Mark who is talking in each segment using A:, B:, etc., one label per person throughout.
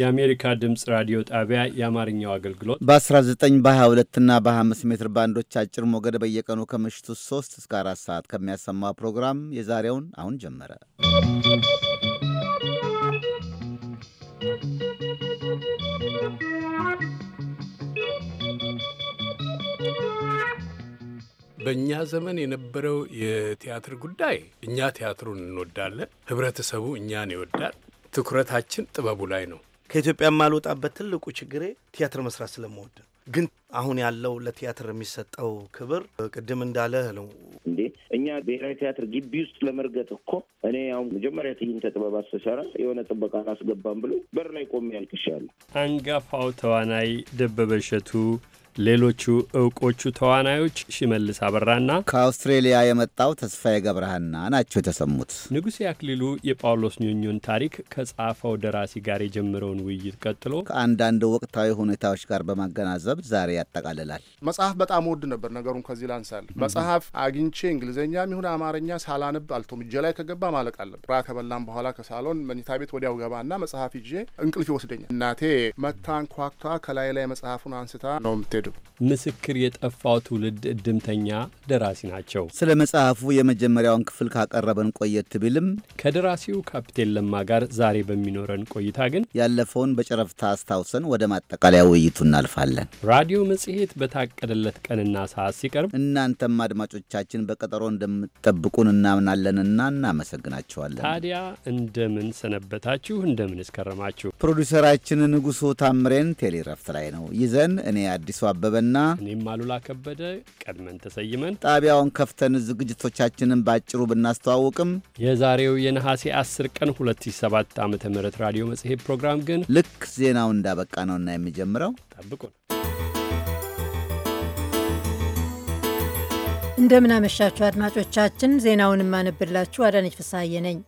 A: የአሜሪካ
B: ድምፅ ራዲዮ ጣቢያ የአማርኛው አገልግሎት
A: በ19 በ22 እና በ25 ሜትር ባንዶች አጭር ሞገድ በየቀኑ ከምሽቱ 3 እስከ 4 ሰዓት ከሚያሰማው ፕሮግራም የዛሬውን አሁን ጀመረ።
C: በእኛ ዘመን የነበረው የቲያትር ጉዳይ እኛ ቲያትሩን እንወዳለን፣ ህብረተሰቡ እኛን ይወዳል። ትኩረታችን ጥበቡ ላይ
D: ነው። ከኢትዮጵያ የማልወጣበት ትልቁ ችግሬ ቲያትር መስራት ስለምወድ ግን አሁን ያለው ለቲያትር የሚሰጠው ክብር ቅድም እንዳለ ነው
E: እንዴ እኛ ብሔራዊ ቲያትር ግቢ ውስጥ ለመርገጥ እኮ እኔ ያው መጀመሪያ ትዕይንተ ጥበባት አስተሰራ የሆነ ጥበቃ አላስገባም ብሎ በር ላይ ቆሜ ያልቅሻለሁ።
B: አንጋፋው ተዋናይ ደበበ እሸቱ ሌሎቹ
A: እውቆቹ ተዋናዮች ሽመልስ አበራና ከአውስትሬሊያ የመጣው ተስፋዬ ገብረሃና ናቸው የተሰሙት። ንጉሴ አክሊሉ የጳውሎስ ኞኞን ታሪክ ከጻፈው ደራሲ ጋር የጀመረውን ውይይት ቀጥሎ ከአንዳንድ ወቅታዊ ሁኔታዎች ጋር በማገናዘብ ዛሬ ያጠቃልላል።
F: መጽሐፍ በጣም ወድ ነበር። ነገሩን ከዚህ ላንሳል። መጽሐፍ አግኝቼ እንግሊዝኛም ይሁን አማርኛ ሳላነብ አልቶም እጄ ላይ ከገባ ማለቅ አለብ። ራ ከበላም በኋላ ከሳሎን መኝታ ቤት ወዲያው ገባና መጽሐፍ ይዤ እንቅልፍ ይወስደኛል። እናቴ መታ ከላይ ላይ መጽሐፉን አንስታ ነው ምት ታገዱ። ምስክር
B: የጠፋው ትውልድ እድምተኛ ደራሲ ናቸው።
A: ስለ መጽሐፉ የመጀመሪያውን ክፍል ካቀረበን ቆየት ቢልም ከደራሲው ካፕቴን ለማ ጋር ዛሬ በሚኖረን ቆይታ ግን ያለፈውን በጨረፍታ አስታውሰን ወደ ማጠቃለያ ውይይቱ እናልፋለን። ራዲዮ መጽሔት በታቀደለት ቀንና ሰዓት ሲቀርብ እናንተም አድማጮቻችን በቀጠሮ እንደምትጠብቁን እናምናለንና እናመሰግናቸዋለን። ታዲያ እንደምን
B: ሰነበታችሁ? እንደምን እስከረማችሁ?
A: ፕሮዲውሰራችን ንጉሱ ታምሬን ቴሌረፍት ላይ ነው ይዘን እኔ አዲሱ አበበና
B: እኔም አሉላ ከበደ ቀድመን ተሰይመን
A: ጣቢያውን ከፍተን ዝግጅቶቻችንን በአጭሩ ብናስተዋውቅም
B: የዛሬው የነሐሴ 10 ቀን 2007 ዓ ም ራዲዮ መጽሔት ፕሮግራም
A: ግን ልክ ዜናው እንዳበቃ ነውና የሚጀምረው ጠብቁን።
G: እንደምናመሻችሁ አድማጮቻችን፣ ዜናውን የማነብላችሁ አዳነች ፍሳሐዬ ነኝ።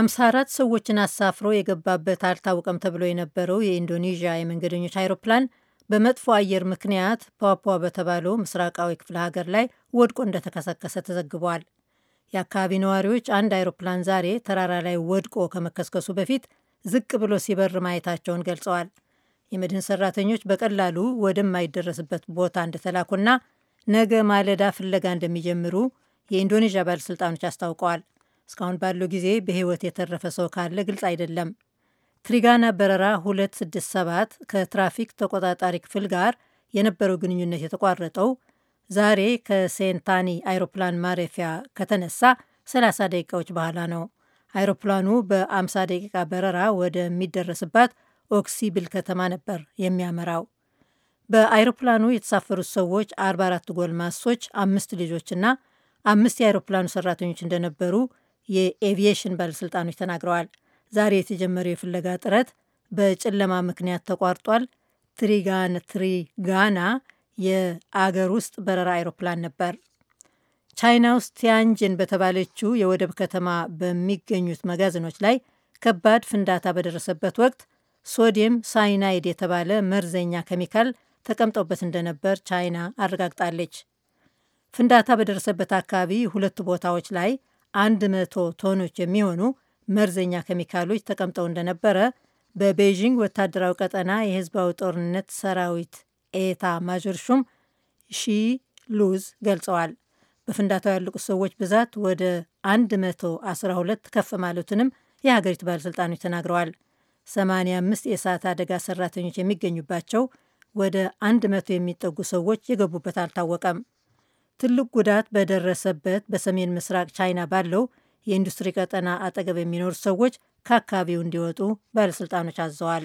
G: 54 ሰዎችን አሳፍሮ የገባበት አልታወቀም ተብሎ የነበረው የኢንዶኔዥያ የመንገደኞች አይሮፕላን በመጥፎ አየር ምክንያት ፓፓ በተባለው ምስራቃዊ ክፍለ ሀገር ላይ ወድቆ እንደተከሰከሰ ተዘግቧል። የአካባቢ ነዋሪዎች አንድ አይሮፕላን ዛሬ ተራራ ላይ ወድቆ ከመከስከሱ በፊት ዝቅ ብሎ ሲበር ማየታቸውን ገልጸዋል። የመድህን ሰራተኞች በቀላሉ ወደማይደረስበት ቦታ እንደተላኩና ነገ ማለዳ ፍለጋ እንደሚጀምሩ የኢንዶኔዥያ ባለሥልጣኖች አስታውቀዋል። እስካሁን ባለው ጊዜ በሕይወት የተረፈ ሰው ካለ ግልጽ አይደለም። ትሪጋና በረራ 267 ከትራፊክ ተቆጣጣሪ ክፍል ጋር የነበረው ግንኙነት የተቋረጠው ዛሬ ከሴንታኒ አይሮፕላን ማረፊያ ከተነሳ 30 ደቂቃዎች በኋላ ነው። አይሮፕላኑ በ50 ደቂቃ በረራ ወደሚደረስባት ኦክሲብል ከተማ ነበር የሚያመራው። በአይሮፕላኑ የተሳፈሩት ሰዎች 44 ጎልማሶች፣ አምስት ልጆችና አምስት የአይሮፕላኑ ሰራተኞች እንደነበሩ የኤቪዬሽን ባለሥልጣኖች ተናግረዋል። ዛሬ የተጀመረው የፍለጋ ጥረት በጨለማ ምክንያት ተቋርጧል። ትሪጋና የአገር ውስጥ በረራ አይሮፕላን ነበር። ቻይና ውስጥ ቲያንጅን በተባለችው የወደብ ከተማ በሚገኙት መጋዘኖች ላይ ከባድ ፍንዳታ በደረሰበት ወቅት ሶዲየም ሳይናይድ የተባለ መርዘኛ ኬሚካል ተቀምጦበት እንደነበር ቻይና አረጋግጣለች። ፍንዳታ በደረሰበት አካባቢ ሁለት ቦታዎች ላይ አንድ መቶ ቶኖች የሚሆኑ መርዘኛ ኬሚካሎች ተቀምጠው እንደነበረ በቤይዥንግ ወታደራዊ ቀጠና የህዝባዊ ጦርነት ሰራዊት ኤታ ማዦር ሹም ሺ ሉዝ ገልጸዋል። በፍንዳታው ያለቁት ሰዎች ብዛት ወደ 112 ከፍ ማለቱንም የሀገሪቱ ባለሥልጣኖች ተናግረዋል። 85 የእሳት አደጋ ሰራተኞች የሚገኙባቸው ወደ 100 የሚጠጉ ሰዎች የገቡበት አልታወቀም። ትልቅ ጉዳት በደረሰበት በሰሜን ምስራቅ ቻይና ባለው የኢንዱስትሪ ቀጠና አጠገብ የሚኖሩ ሰዎች ከአካባቢው እንዲወጡ ባለሥልጣኖች አዘዋል።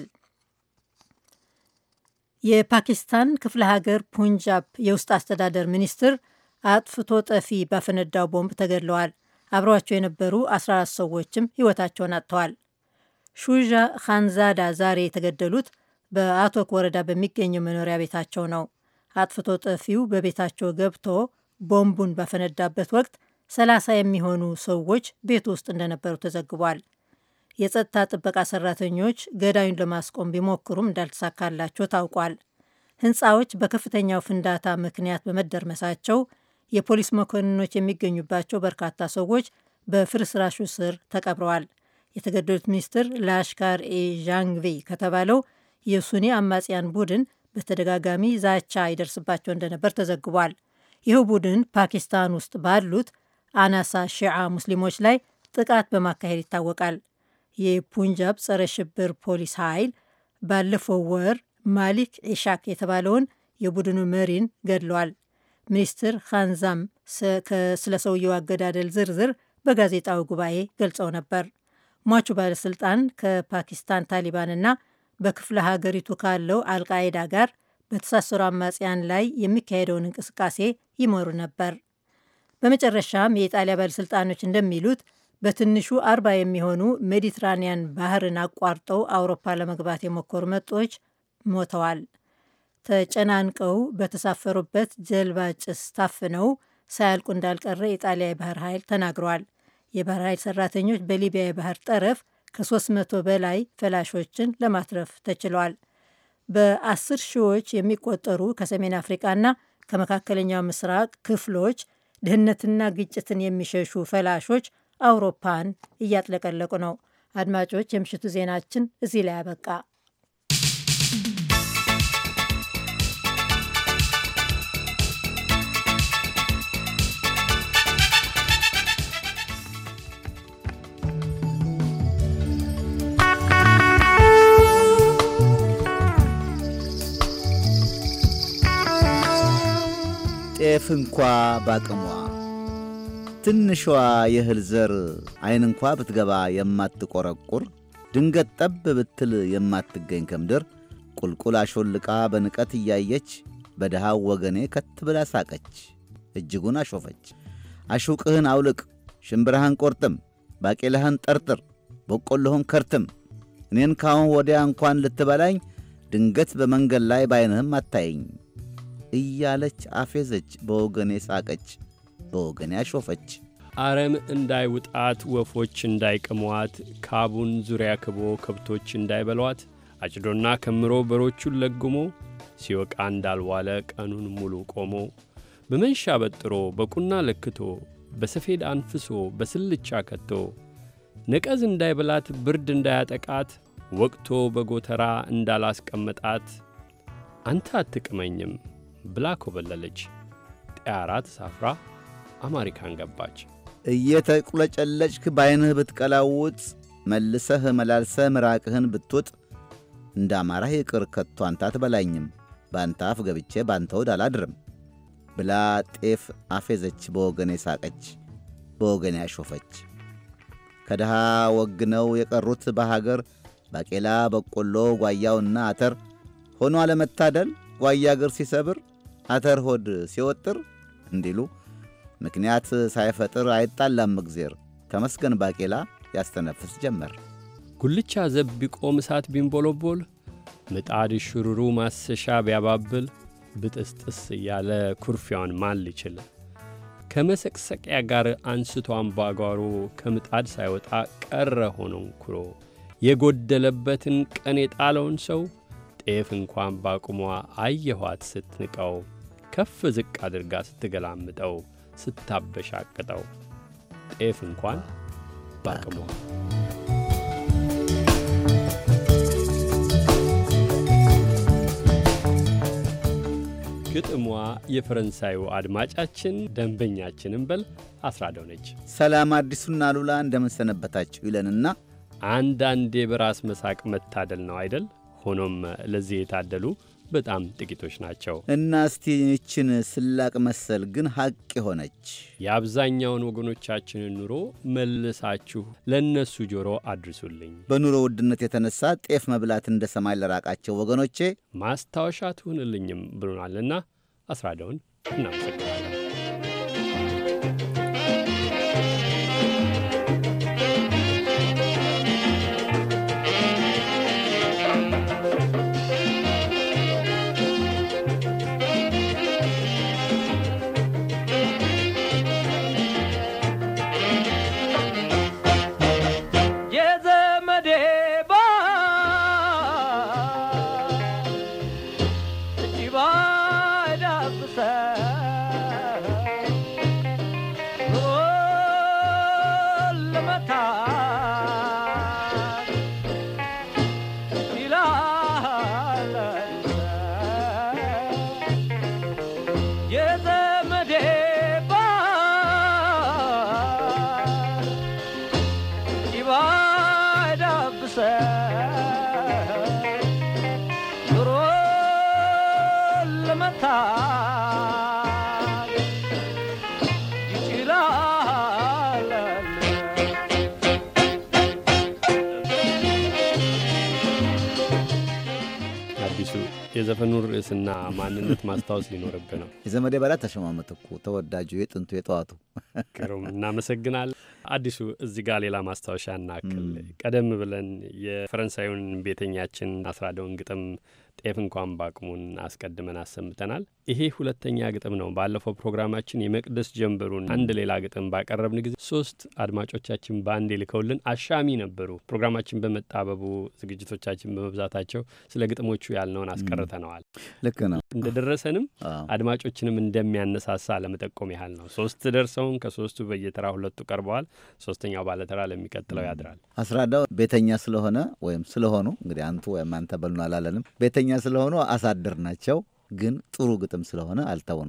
G: የፓኪስታን ክፍለ ሀገር ፑንጃብ የውስጥ አስተዳደር ሚኒስትር አጥፍቶ ጠፊ ባፈነዳው ቦምብ ተገድለዋል። አብረዋቸው የነበሩ 14 ሰዎችም ሕይወታቸውን አጥተዋል። ሹዣ ኻንዛዳ ዛሬ የተገደሉት በአቶክ ወረዳ በሚገኘው መኖሪያ ቤታቸው ነው። አጥፍቶ ጠፊው በቤታቸው ገብቶ ቦምቡን ባፈነዳበት ወቅት ሰላሳ የሚሆኑ ሰዎች ቤት ውስጥ እንደነበሩ ተዘግቧል። የጸጥታ ጥበቃ ሰራተኞች ገዳዩን ለማስቆም ቢሞክሩም እንዳልተሳካላቸው ታውቋል። ህንፃዎች በከፍተኛው ፍንዳታ ምክንያት በመደርመሳቸው የፖሊስ መኮንኖች የሚገኙባቸው በርካታ ሰዎች በፍርስራሹ ስር ተቀብረዋል። የተገደሉት ሚኒስትር ላሽካር ኤ ዣንግቬ ከተባለው የሱኒ አማጽያን ቡድን በተደጋጋሚ ዛቻ ይደርስባቸው እንደነበር ተዘግቧል። ይህ ቡድን ፓኪስታን ውስጥ ባሉት አናሳ ሺዓ ሙስሊሞች ላይ ጥቃት በማካሄድ ይታወቃል። የፑንጃብ ጸረ ሽብር ፖሊስ ኃይል ባለፈው ወር ማሊክ ኢሻክ የተባለውን የቡድኑ መሪን ገድለዋል። ሚኒስትር ካንዛም ስለ ሰውየው አገዳደል ዝርዝር በጋዜጣዊ ጉባኤ ገልጸው ነበር። ሟቹ ባለሥልጣን ከፓኪስታን ታሊባንና በክፍለ ሀገሪቱ ካለው አልቃይዳ ጋር በተሳሰሩ አማጽያን ላይ የሚካሄደውን እንቅስቃሴ ይመሩ ነበር። በመጨረሻም የኢጣሊያ ባለሥልጣኖች እንደሚሉት በትንሹ አርባ የሚሆኑ ሜዲትራኒያን ባህርን አቋርጠው አውሮፓ ለመግባት የሞከሩ መጦች ሞተዋል። ተጨናንቀው በተሳፈሩበት ጀልባ ጭስ ታፍነው ሳያልቁ እንዳልቀረ የጣሊያ የባህር ኃይል ተናግረዋል። የባህር ኃይል ሰራተኞች በሊቢያ የባህር ጠረፍ ከ300 በላይ ፈላሾችን ለማትረፍ ተችለዋል። በአስር ሺዎች የሚቆጠሩ ከሰሜን አፍሪቃና ከመካከለኛው ምስራቅ ክፍሎች ደህንነትና ግጭትን የሚሸሹ ፈላሾች አውሮፓን እያጥለቀለቁ ነው። አድማጮች፣ የምሽቱ ዜናችን እዚህ ላይ አበቃ።
A: ጤፍ እንኳ ባቅሟ ትንሿ የእህል ዘር ዐይን እንኳ ብትገባ የማትቈረቁር ድንገት ጠብ ብትል የማትገኝ ከምድር ቁልቁል አሾልቃ በንቀት እያየች በድሃው ወገኔ ከት ብላ ሳቀች። እጅጉን አሾፈች። አሹቅህን አውልቅ፣ ሽምብራህን ቆርጥም፣ ባቄላህን ጠርጥር፣ በቆሎህን ከርትም፣ እኔን ካሁን ወዲያ እንኳን ልትበላኝ ድንገት በመንገድ ላይ ባይንህም አታየኝ እያለች አፌዘች፣ በወገኔ ሳቀች፣ በወገኔ አሾፈች።
B: አረም እንዳይውጣት ወፎች እንዳይቅሟት፣ ካቡን ዙሪያ ክቦ ከብቶች እንዳይበሏት፣ አጭዶና ከምሮ በሮቹን ለግሞ ሲወቃ እንዳልዋለ ቀኑን ሙሉ ቆሞ በመንሻ በጥሮ በቁና ለክቶ በሰፌድ አንፍሶ በስልቻ ከቶ ነቀዝ እንዳይበላት ብርድ እንዳያጠቃት ወቅቶ በጎተራ እንዳላስቀመጣት አንተ አትቅመኝም ብላ ኮበለለች። ጢያራ ተሳፍራ አማሪካን ገባች።
A: እየተቁለጨለጭክ በዐይንህ ብትቀላውጥ መልሰህ መላልሰህ ምራቅህን ብትውጥ እንደ አማራህ ይቅር ከቶ አንተ አትበላኝም፣ በአንተ አፍ ገብቼ በአንተ ሆድ አላድርም ብላ ጤፍ አፌዘች። በወገኔ ሳቀች፣ በወገኔ አሾፈች። ከድሃ ወግነው የቀሩት በሀገር ባቄላ፣ በቆሎ፣ ጓያውና አተር ሆኖ አለመታደል ጓያ እግር ሲሰብር አተር ሆድ ሲወጥር እንዲሉ ምክንያት ሳይፈጥር አይጣላም እግዜር። ተመስገን ባቄላ ያስተነፍስ ጀመር።
B: ጉልቻ ዘብ ቢቆም እሳት ቢንቦሎቦል፣ ምጣድ ሹሩሩ ማሰሻ ቢያባብል፣ ብጥስጥስ እያለ ኩርፊያውን ማል ይችል ከመሰቅሰቂያ ጋር አንስቶ አምባጓሮ ከምጣድ ሳይወጣ ቀረ ሆኖ እንኩሮ የጎደለበትን ቀን የጣለውን ሰው ጤፍ እንኳን ባቁሟ አየኋት ስትንቀው ከፍ ዝቅ አድርጋ ስትገላምጠው ስታበሻቅጠው ጤፍ እንኳን ባቅሞ ግጥሟ የፈረንሳዩ አድማጫችን ደንበኛችንን በል አስራደው ነች።
A: ሰላም አዲሱና ሉላ እንደምንሰነበታችሁ ይለንና
B: አንዳንዴ በራስ መሳቅ መታደል ነው አይደል? ሆኖም ለዚህ የታደሉ በጣም ጥቂቶች ናቸው
A: እና እስቲ ስላቅ መሰል ግን ሀቅ የሆነች
B: የአብዛኛውን ወገኖቻችንን ኑሮ መልሳችሁ ለእነሱ ጆሮ አድርሱልኝ።
A: በኑሮ ውድነት የተነሳ ጤፍ መብላት እንደ ሰማይ ለራቃቸው ወገኖቼ
B: ማስታወሻ ትሁንልኝም ብሎናልና አስራደውን
C: እናመሰግናለን።
B: የዘፈኑ ርዕስና ማንነት ማስታወስ ሊኖርብህ ነው።
A: የዘመዴ በላ ተሸማመት እኮ ተወዳጁ የጥንቱ የጠዋቱ ግሩም። እናመሰግናለን አዲሱ።
B: እዚህ ጋር ሌላ ማስታወሻ እናክል። ቀደም ብለን የፈረንሳዩን ቤተኛችን አስራደውን ግጥም ጤፍ እንኳን በአቅሙን አስቀድመን አሰምተናል። ይሄ ሁለተኛ ግጥም ነው። ባለፈው ፕሮግራማችን የመቅደስ ጀንበሩን አንድ ሌላ ግጥም ባቀረብን ጊዜ ሶስት አድማጮቻችን በአንድ ልከውልን አሻሚ ነበሩ። ፕሮግራማችን በመጣበቡ ዝግጅቶቻችን በመብዛታቸው ስለ ግጥሞቹ ያልነውን አስቀርተነዋል። ልክ ነው። እንደደረሰንም አድማጮችንም እንደሚያነሳሳ ለመጠቆም ያህል ነው። ሶስት ደርሰውን ከሶስቱ በየተራ ሁለቱ ቀርበዋል። ሶስተኛው ባለተራ ለሚቀጥለው ያድራል።
A: አስራዳው ቤተኛ ስለሆነ ወይም ስለሆኑ እንግዲህ አንቱ ወይም አንተ በሉን አላለንም ቤተ ፈቃደኛ ስለሆኑ አሳድር ናቸው። ግን ጥሩ ግጥም ስለሆነ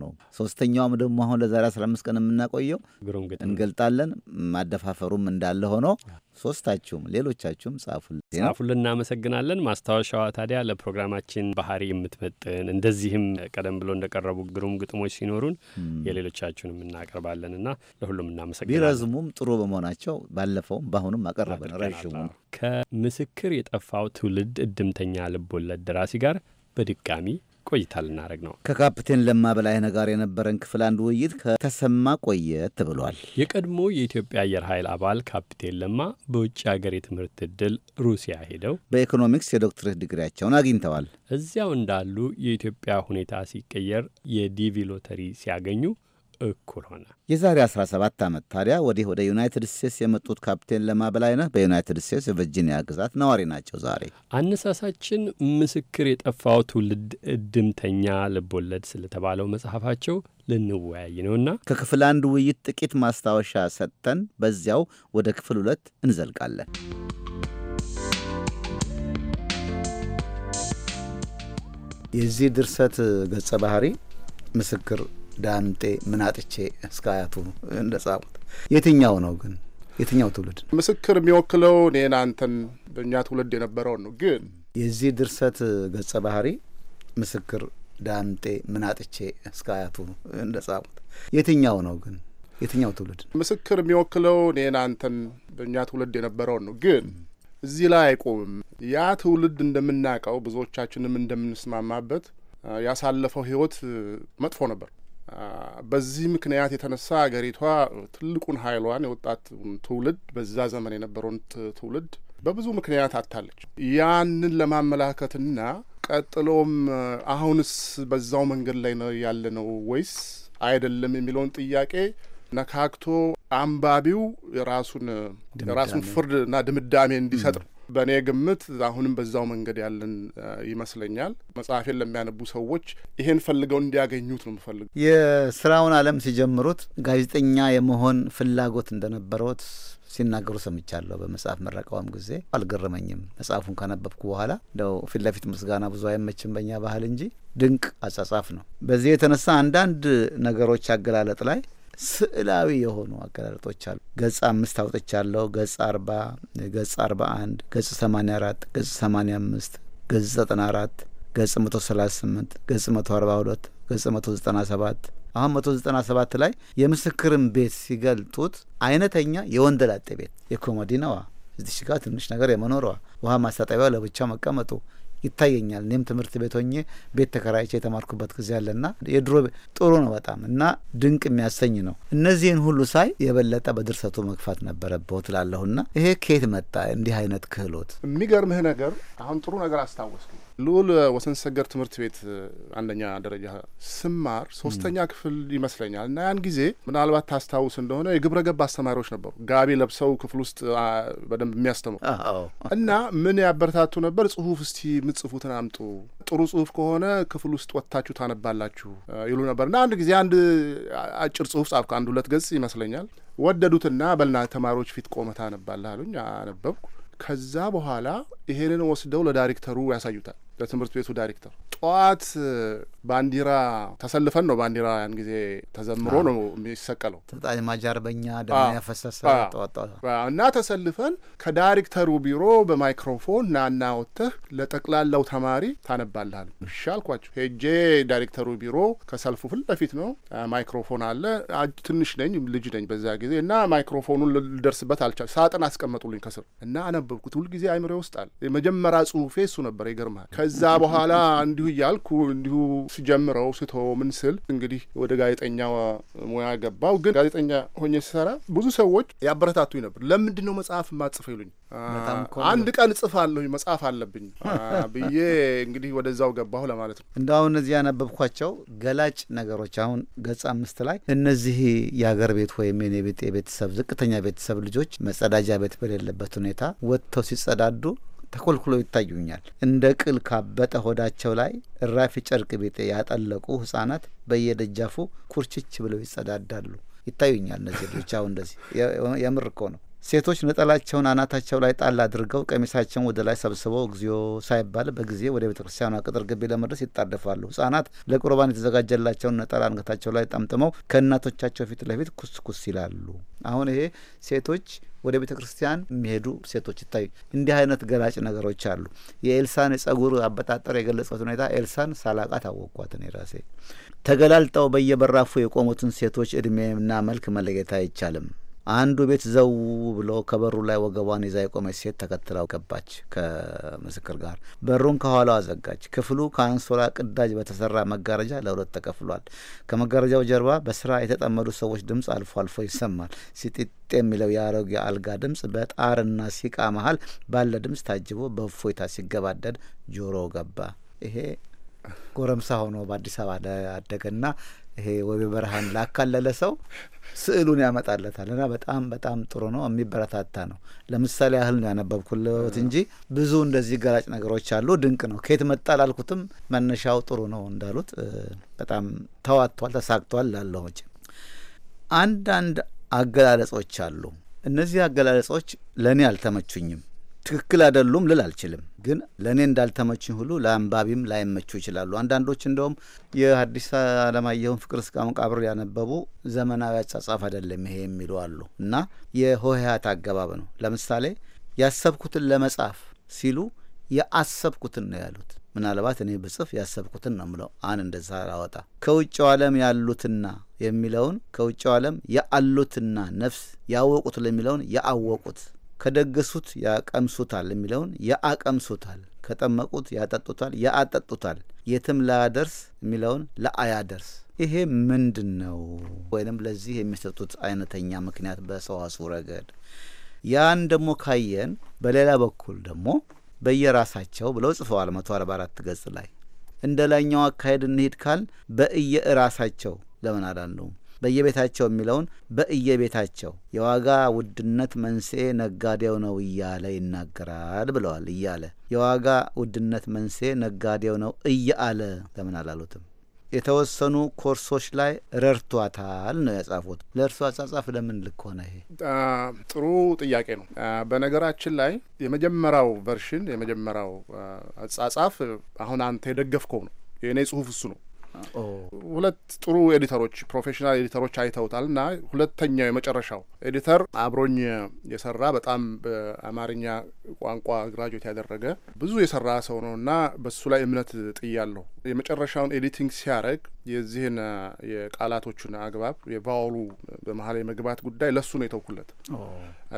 A: ነው። ሶስተኛውም ደግሞ አሁን ለዛሬ 15 ቀን የምናቆየው እንገልጣለን። ማደፋፈሩም እንዳለ ሆኖ ሶስታችሁም ሌሎቻችሁም ጻፉልን ጻፉልን።
B: እናመሰግናለን። ማስታወሻዋ ታዲያ ለፕሮግራማችን ባህሪ የምትመጥን እንደዚህም ቀደም ብሎ እንደቀረቡ ግሩም ግጥሞች ሲኖሩን የሌሎቻችሁንም እና ለሁሉም እናመሰግናለን።
A: ቢረዝሙም ጥሩ በመሆናቸው ባለፈውም በአሁኑም አቀረበን ረዥሙም ከምስክር የጠፋው ትውልድ እድምተኛ
B: ልቦለድ ደራሲ ጋር በድጋሚ ቆይታ ልናደረግ ነው።
A: ከካፕቴን ለማ በላይነህ ጋር የነበረን ክፍል አንድ ውይይት ከተሰማ ቆየት ብሏል።
B: የቀድሞ የኢትዮጵያ አየር ኃይል አባል ካፕቴን ለማ በውጭ ሀገር የትምህርት ዕድል ሩሲያ ሄደው
A: በኢኮኖሚክስ የዶክትሬት ዲግሪያቸውን አግኝተዋል።
B: እዚያው እንዳሉ የኢትዮጵያ ሁኔታ ሲቀየር የዲቪ ሎተሪ ሲያገኙ እኩል ሆነ።
A: የዛሬ 17 ዓመት ታዲያ ወዲህ ወደ ዩናይትድ ስቴትስ የመጡት ካፕቴን ለማ በላይነህ በዩናይትድ ስቴትስ የቨርጂኒያ ግዛት ነዋሪ ናቸው። ዛሬ አነሳሳችን
B: ምስክር የጠፋው ትውልድ እድምተኛ ልቦለድ ስለተባለው መጽሐፋቸው
A: ልንወያይ ነውና ከክፍል አንድ ውይይት ጥቂት ማስታወሻ ሰጥተን በዚያው ወደ ክፍል ሁለት እንዘልቃለን። የዚህ ድርሰት ገጸ ባህሪ ምስክር ዳምጤ ምናጥቼ እስከ አያቱ እንደ የትኛው ነው ግን የትኛው ትውልድ
F: ነው? ምስክር የሚወክለው እኔን አንተን በእኛ ትውልድ የነበረውን ነው። ግን
A: የዚህ ድርሰት ገጸ ባህሪ ምስክር ዳምጤ ምናጥቼ እስከ አያቱ እንደ የትኛው ነው ግን የትኛው ትውልድ ነው?
F: ምስክር የሚወክለው እኔን አንተን በእኛ ትውልድ የነበረውን ነው። ግን እዚህ ላይ አይቆምም። ያ ትውልድ እንደምናውቀው ብዙዎቻችንም እንደምንስማማበት ያሳለፈው ህይወት መጥፎ ነበር። በዚህ ምክንያት የተነሳ አገሪቷ ትልቁን ኃይሏን የወጣት ትውልድ በዛ ዘመን የነበረውን ትውልድ በብዙ ምክንያት አታለች። ያንን ለማመላከትና ቀጥሎም አሁንስ በዛው መንገድ ላይ ነው ያለነው ወይስ አይደለም የሚለውን ጥያቄ ነካክቶ አንባቢው የራሱን የራሱን እና ድምዳሜ እንዲሰጥ ነው። በእኔ ግምት አሁንም በዛው መንገድ ያለን ይመስለኛል። መጽሐፌን ለሚያነቡ ሰዎች ይሄን ፈልገው እንዲያገኙት ነው የምፈልገው።
A: የስራውን አለም ሲጀምሩት ጋዜጠኛ የመሆን ፍላጎት እንደነበረውት ሲናገሩ ሰምቻለሁ። በመጽሐፍ መረቃውም ጊዜ አልገረመኝም። መጽሐፉን ከነበብኩ በኋላ እንደው ፊት ለፊት ምስጋና ብዙ አይመችም በእኛ ባህል እንጂ ድንቅ አጻጻፍ ነው። በዚህ የተነሳ አንዳንድ ነገሮች አገላለጥ ላይ ስዕላዊ የሆኑ አገላለጦች አሉ። ገጽ አምስት አውጥቻለሁ። ገጽ አርባ ገጽ አርባ አንድ ገጽ ሰማኒያ አራት ገጽ ሰማኒያ አምስት ገጽ ዘጠና አራት ገጽ መቶ ሰላሳ ስምንት ገጽ መቶ አርባ ሁለት ገጽ መቶ ዘጠና ሰባት አሁን መቶ ዘጠና ሰባት ላይ የምስክርን ቤት ሲገልጡት አይነተኛ የወንደላጤ ቤት የኮሜዲ ነዋ። እዚሽ ጋር ትንሽ ነገር የመኖረዋ ውሃ ማስታጠቢያ ለብቻ መቀመጡ ይታየኛል። እኔም ትምህርት ቤት ሆኜ ቤት ተከራይቼ የተማርኩበት ጊዜ አለና የድሮ ጥሩ ነው በጣም እና ድንቅ የሚያሰኝ ነው። እነዚህን ሁሉ ሳይ የበለጠ በድርሰቱ መግፋት ነበረበት ትላለሁና ይሄ ከየት መጣ እንዲህ አይነት ክህሎት?
F: የሚገርምህ ነገር አሁን ጥሩ ነገር አስታወስኩ። ልዑል ወሰንሰገር ትምህርት ቤት አንደኛ ደረጃ ስማር ሶስተኛ ክፍል ይመስለኛል እና ያን ጊዜ ምናልባት ታስታውስ እንደሆነ የግብረ ገብ አስተማሪዎች ነበሩ፣ ጋቢ ለብሰው ክፍል ውስጥ በደንብ የሚያስተምሩ እና ምን ያበረታቱ ነበር? ጽሁፍ እስቲ ምጽፉትን አምጡ፣ ጥሩ ጽሁፍ ከሆነ ክፍል ውስጥ ወጥታችሁ ታነባላችሁ ይሉ ነበር እና አንድ ጊዜ አንድ አጭር ጽሁፍ ጻፍኩ፣ አንድ ሁለት ገጽ ይመስለኛል። ወደዱትና በልና ተማሪዎች ፊት ቆመታ አነባለህ አሉኝ። አነበብኩ። ከዛ በኋላ ይሄንን ወስደው ለዳይሬክተሩ ያሳዩታል። ለትምህርት ቤቱ ዳይሬክተር ጠዋት ባንዲራ ተሰልፈን ነው ባንዲራ ያን ጊዜ ተዘምሮ ነው የሚሰቀለው። ተጣማጅ አርበኛ ደሞ ያፈሰሰ እና ተሰልፈን ከዳይሬክተሩ ቢሮ በማይክሮፎን ናና ወጥተህ ለጠቅላላው ተማሪ ታነባላል እሺ አልኳቸው። ሄጄ ዳይሬክተሩ ቢሮ ከሰልፉ ፊት ለፊት ነው ማይክሮፎን አለ። ትንሽ ነኝ ልጅ ነኝ በዛ ጊዜ እና ማይክሮፎኑን ልደርስበት አልቻል። ሳጥን አስቀመጡልኝ ከስር እና አነበብኩት። ሁልጊዜ አይምሬ ውስጥ አለ። የመጀመሪያ ጽሁፌ እሱ ነበር። ይገርማል። ከዛ በኋላ እንዲሁ እያልኩ እንዲሁ ስጀምረው ስቶ ምን ስል እንግዲህ ወደ ጋዜጠኛ ሙያ ገባው። ግን ጋዜጠኛ ሆኜ ስሰራ ብዙ ሰዎች ያበረታቱኝ ነበር። ለምንድን ነው መጽሐፍ ማጽፈ ይሉኝ። አንድ ቀን አለሁኝ መጽሐፍ አለብኝ ብዬ እንግዲህ ወደዛው ገባሁ ለማለት ነው።
A: እንደ አሁን እዚህ ያነበብኳቸው ገላጭ ነገሮች አሁን ገጽ አምስት ላይ እነዚህ የአገር ቤት ወይም የኔ ቤት የቤተሰብ ዝቅተኛ ቤተሰብ ልጆች መጸዳጃ ቤት በሌለበት ሁኔታ ወጥተው ሲጸዳዱ ተኮልኩሎ ይታዩኛል። እንደ ቅል ካበጠ ሆዳቸው ላይ እራፊ ጨርቅ ቤት ያጠለቁ ህጻናት በየደጃፉ ኩርችች ብለው ይጸዳዳሉ። ይታዩኛል እነዚህ ልጆች። አሁን እንደዚህ የምር እኮ ነው። ሴቶች ነጠላቸውን አናታቸው ላይ ጣል አድርገው ቀሚሳቸውን ወደ ላይ ሰብስበው እግዚኦ ሳይባል በጊዜ ወደ ቤተ ክርስቲያኗ ቅጥር ግቢ ለመድረስ ይጣደፋሉ። ህጻናት ለቁርባን የተዘጋጀላቸውን ነጠላ አንገታቸው ላይ ጠምጥመው ከእናቶቻቸው ፊት ለፊት ኩስኩስ ይላሉ። አሁን ይሄ ሴቶች ወደ ቤተ ክርስቲያን የሚሄዱ ሴቶች ይታዩ። እንዲህ አይነት ገላጭ ነገሮች አሉ። የኤልሳን የጸጉር አበጣጠር የገለጸበት ሁኔታ ኤልሳን ሳላቃ ታወቅኳት እኔ ራሴ። ተገላልጠው በየበራፉ የቆሙትን ሴቶች እድሜና መልክ መለየት አይቻልም። አንዱ ቤት ዘው ብሎ ከበሩ ላይ ወገቧን ይዛ የቆመች ሴት ተከትላው ገባች ከምስክር ጋር። በሩን ከኋላው አዘጋች። ክፍሉ ከአንሶላ ቅዳጅ በተሰራ መጋረጃ ለሁለት ተከፍሏል። ከመጋረጃው ጀርባ በስራ የተጠመዱ ሰዎች ድምፅ አልፎ አልፎ ይሰማል። ሲጢጥ የሚለው የአሮጌ አልጋ ድምፅ በጣርና ሲቃ መሀል ባለ ድምፅ ታጅቦ በእፎይታ ሲገባደድ ጆሮ ገባ። ይሄ ጎረምሳ ሆኖ በአዲስ አበባ አደገና ይሄ ወቤ በረሃን ላካለለ ሰው ስዕሉን ያመጣለታል እና በጣም በጣም ጥሩ ነው፣ የሚበረታታ ነው። ለምሳሌ ያህል ነው ያነበብኩለት እንጂ ብዙ እንደዚህ ገላጭ ነገሮች አሉ። ድንቅ ነው። ከየት መጣ ላልኩትም መነሻው ጥሩ ነው እንዳሉት በጣም ተዋጥቷል፣ ተሳክቷል ላለሆች አንዳንድ አገላለጾች አሉ። እነዚህ አገላለጾች ለእኔ አልተመቹኝም። ትክክል አይደሉም ልል አልችልም። ግን ለእኔ እንዳልተመችኝ ሁሉ ለአንባቢም ላይመቹ ይችላሉ። አንዳንዶች እንደውም የሀዲስ አለማየሁን ፍቅር እስከ መቃብር ያነበቡ ዘመናዊ አጻጻፍ አይደለም ይሄ የሚሉ አሉ እና የሆሄያት አገባብ ነው። ለምሳሌ ያሰብኩትን ለመጻፍ ሲሉ የአሰብኩትን ነው ያሉት። ምናልባት እኔ ብጽፍ ያሰብኩትን ነው ምለው አን እንደዛ ላወጣ ከውጭው ዓለም ያሉትና የሚለውን ከውጭው ዓለም የአሉትና ነፍስ ያወቁት ለሚለውን የአወቁት ከደገሱት ያቀምሱታል የሚለውን ያአቀምሱታል፣ ከጠመቁት ያጠጡታል፣ ያአጠጡታል፣ የትም ላያደርስ የሚለውን ለአያደርስ ይሄ ምንድን ነው? ወይንም ለዚህ የሚሰጡት አይነተኛ ምክንያት በሰዋሱ ረገድ ያን ደግሞ ካየን፣ በሌላ በኩል ደግሞ በየራሳቸው ብለው ጽፈዋል። መቶ አርባ አራት ገጽ ላይ እንደ ላይኛው አካሄድ እንሂድ ካል ራሳቸው ለምን አላሉም? በየቤታቸው የሚለውን በእየቤታቸው የዋጋ ውድነት መንስኤ ነጋዴው ነው እያለ ይናገራል ብለዋል። እያለ የዋጋ ውድነት መንስኤ ነጋዴው ነው እያለ ለምን አላሉትም? የተወሰኑ ኮርሶች ላይ ረድቷታል ነው ያጻፉት። ለእርሱ አጻጻፍ ለምን ልክ ሆነ? ይሄ
F: ጥሩ ጥያቄ ነው። በነገራችን ላይ የመጀመሪያው ቨርሽን የመጀመሪያው አጻጻፍ አሁን አንተ የደገፍከው ነው። የእኔ ጽሁፍ እሱ ነው። ሁለት ጥሩ ኤዲተሮች ፕሮፌሽናል ኤዲተሮች አይተውታል እና ሁለተኛው የመጨረሻው ኤዲተር አብሮኝ የሰራ በጣም በአማርኛ ቋንቋ ግራጆት ያደረገ ብዙ የሰራ ሰው ነው እና በሱ ላይ እምነት ጥያለሁ። የመጨረሻውን ኤዲቲንግ ሲያደርግ የዚህን የቃላቶቹን አግባብ የቫውሉ በመሀል የመግባት ጉዳይ ለሱ ነው የተውኩለት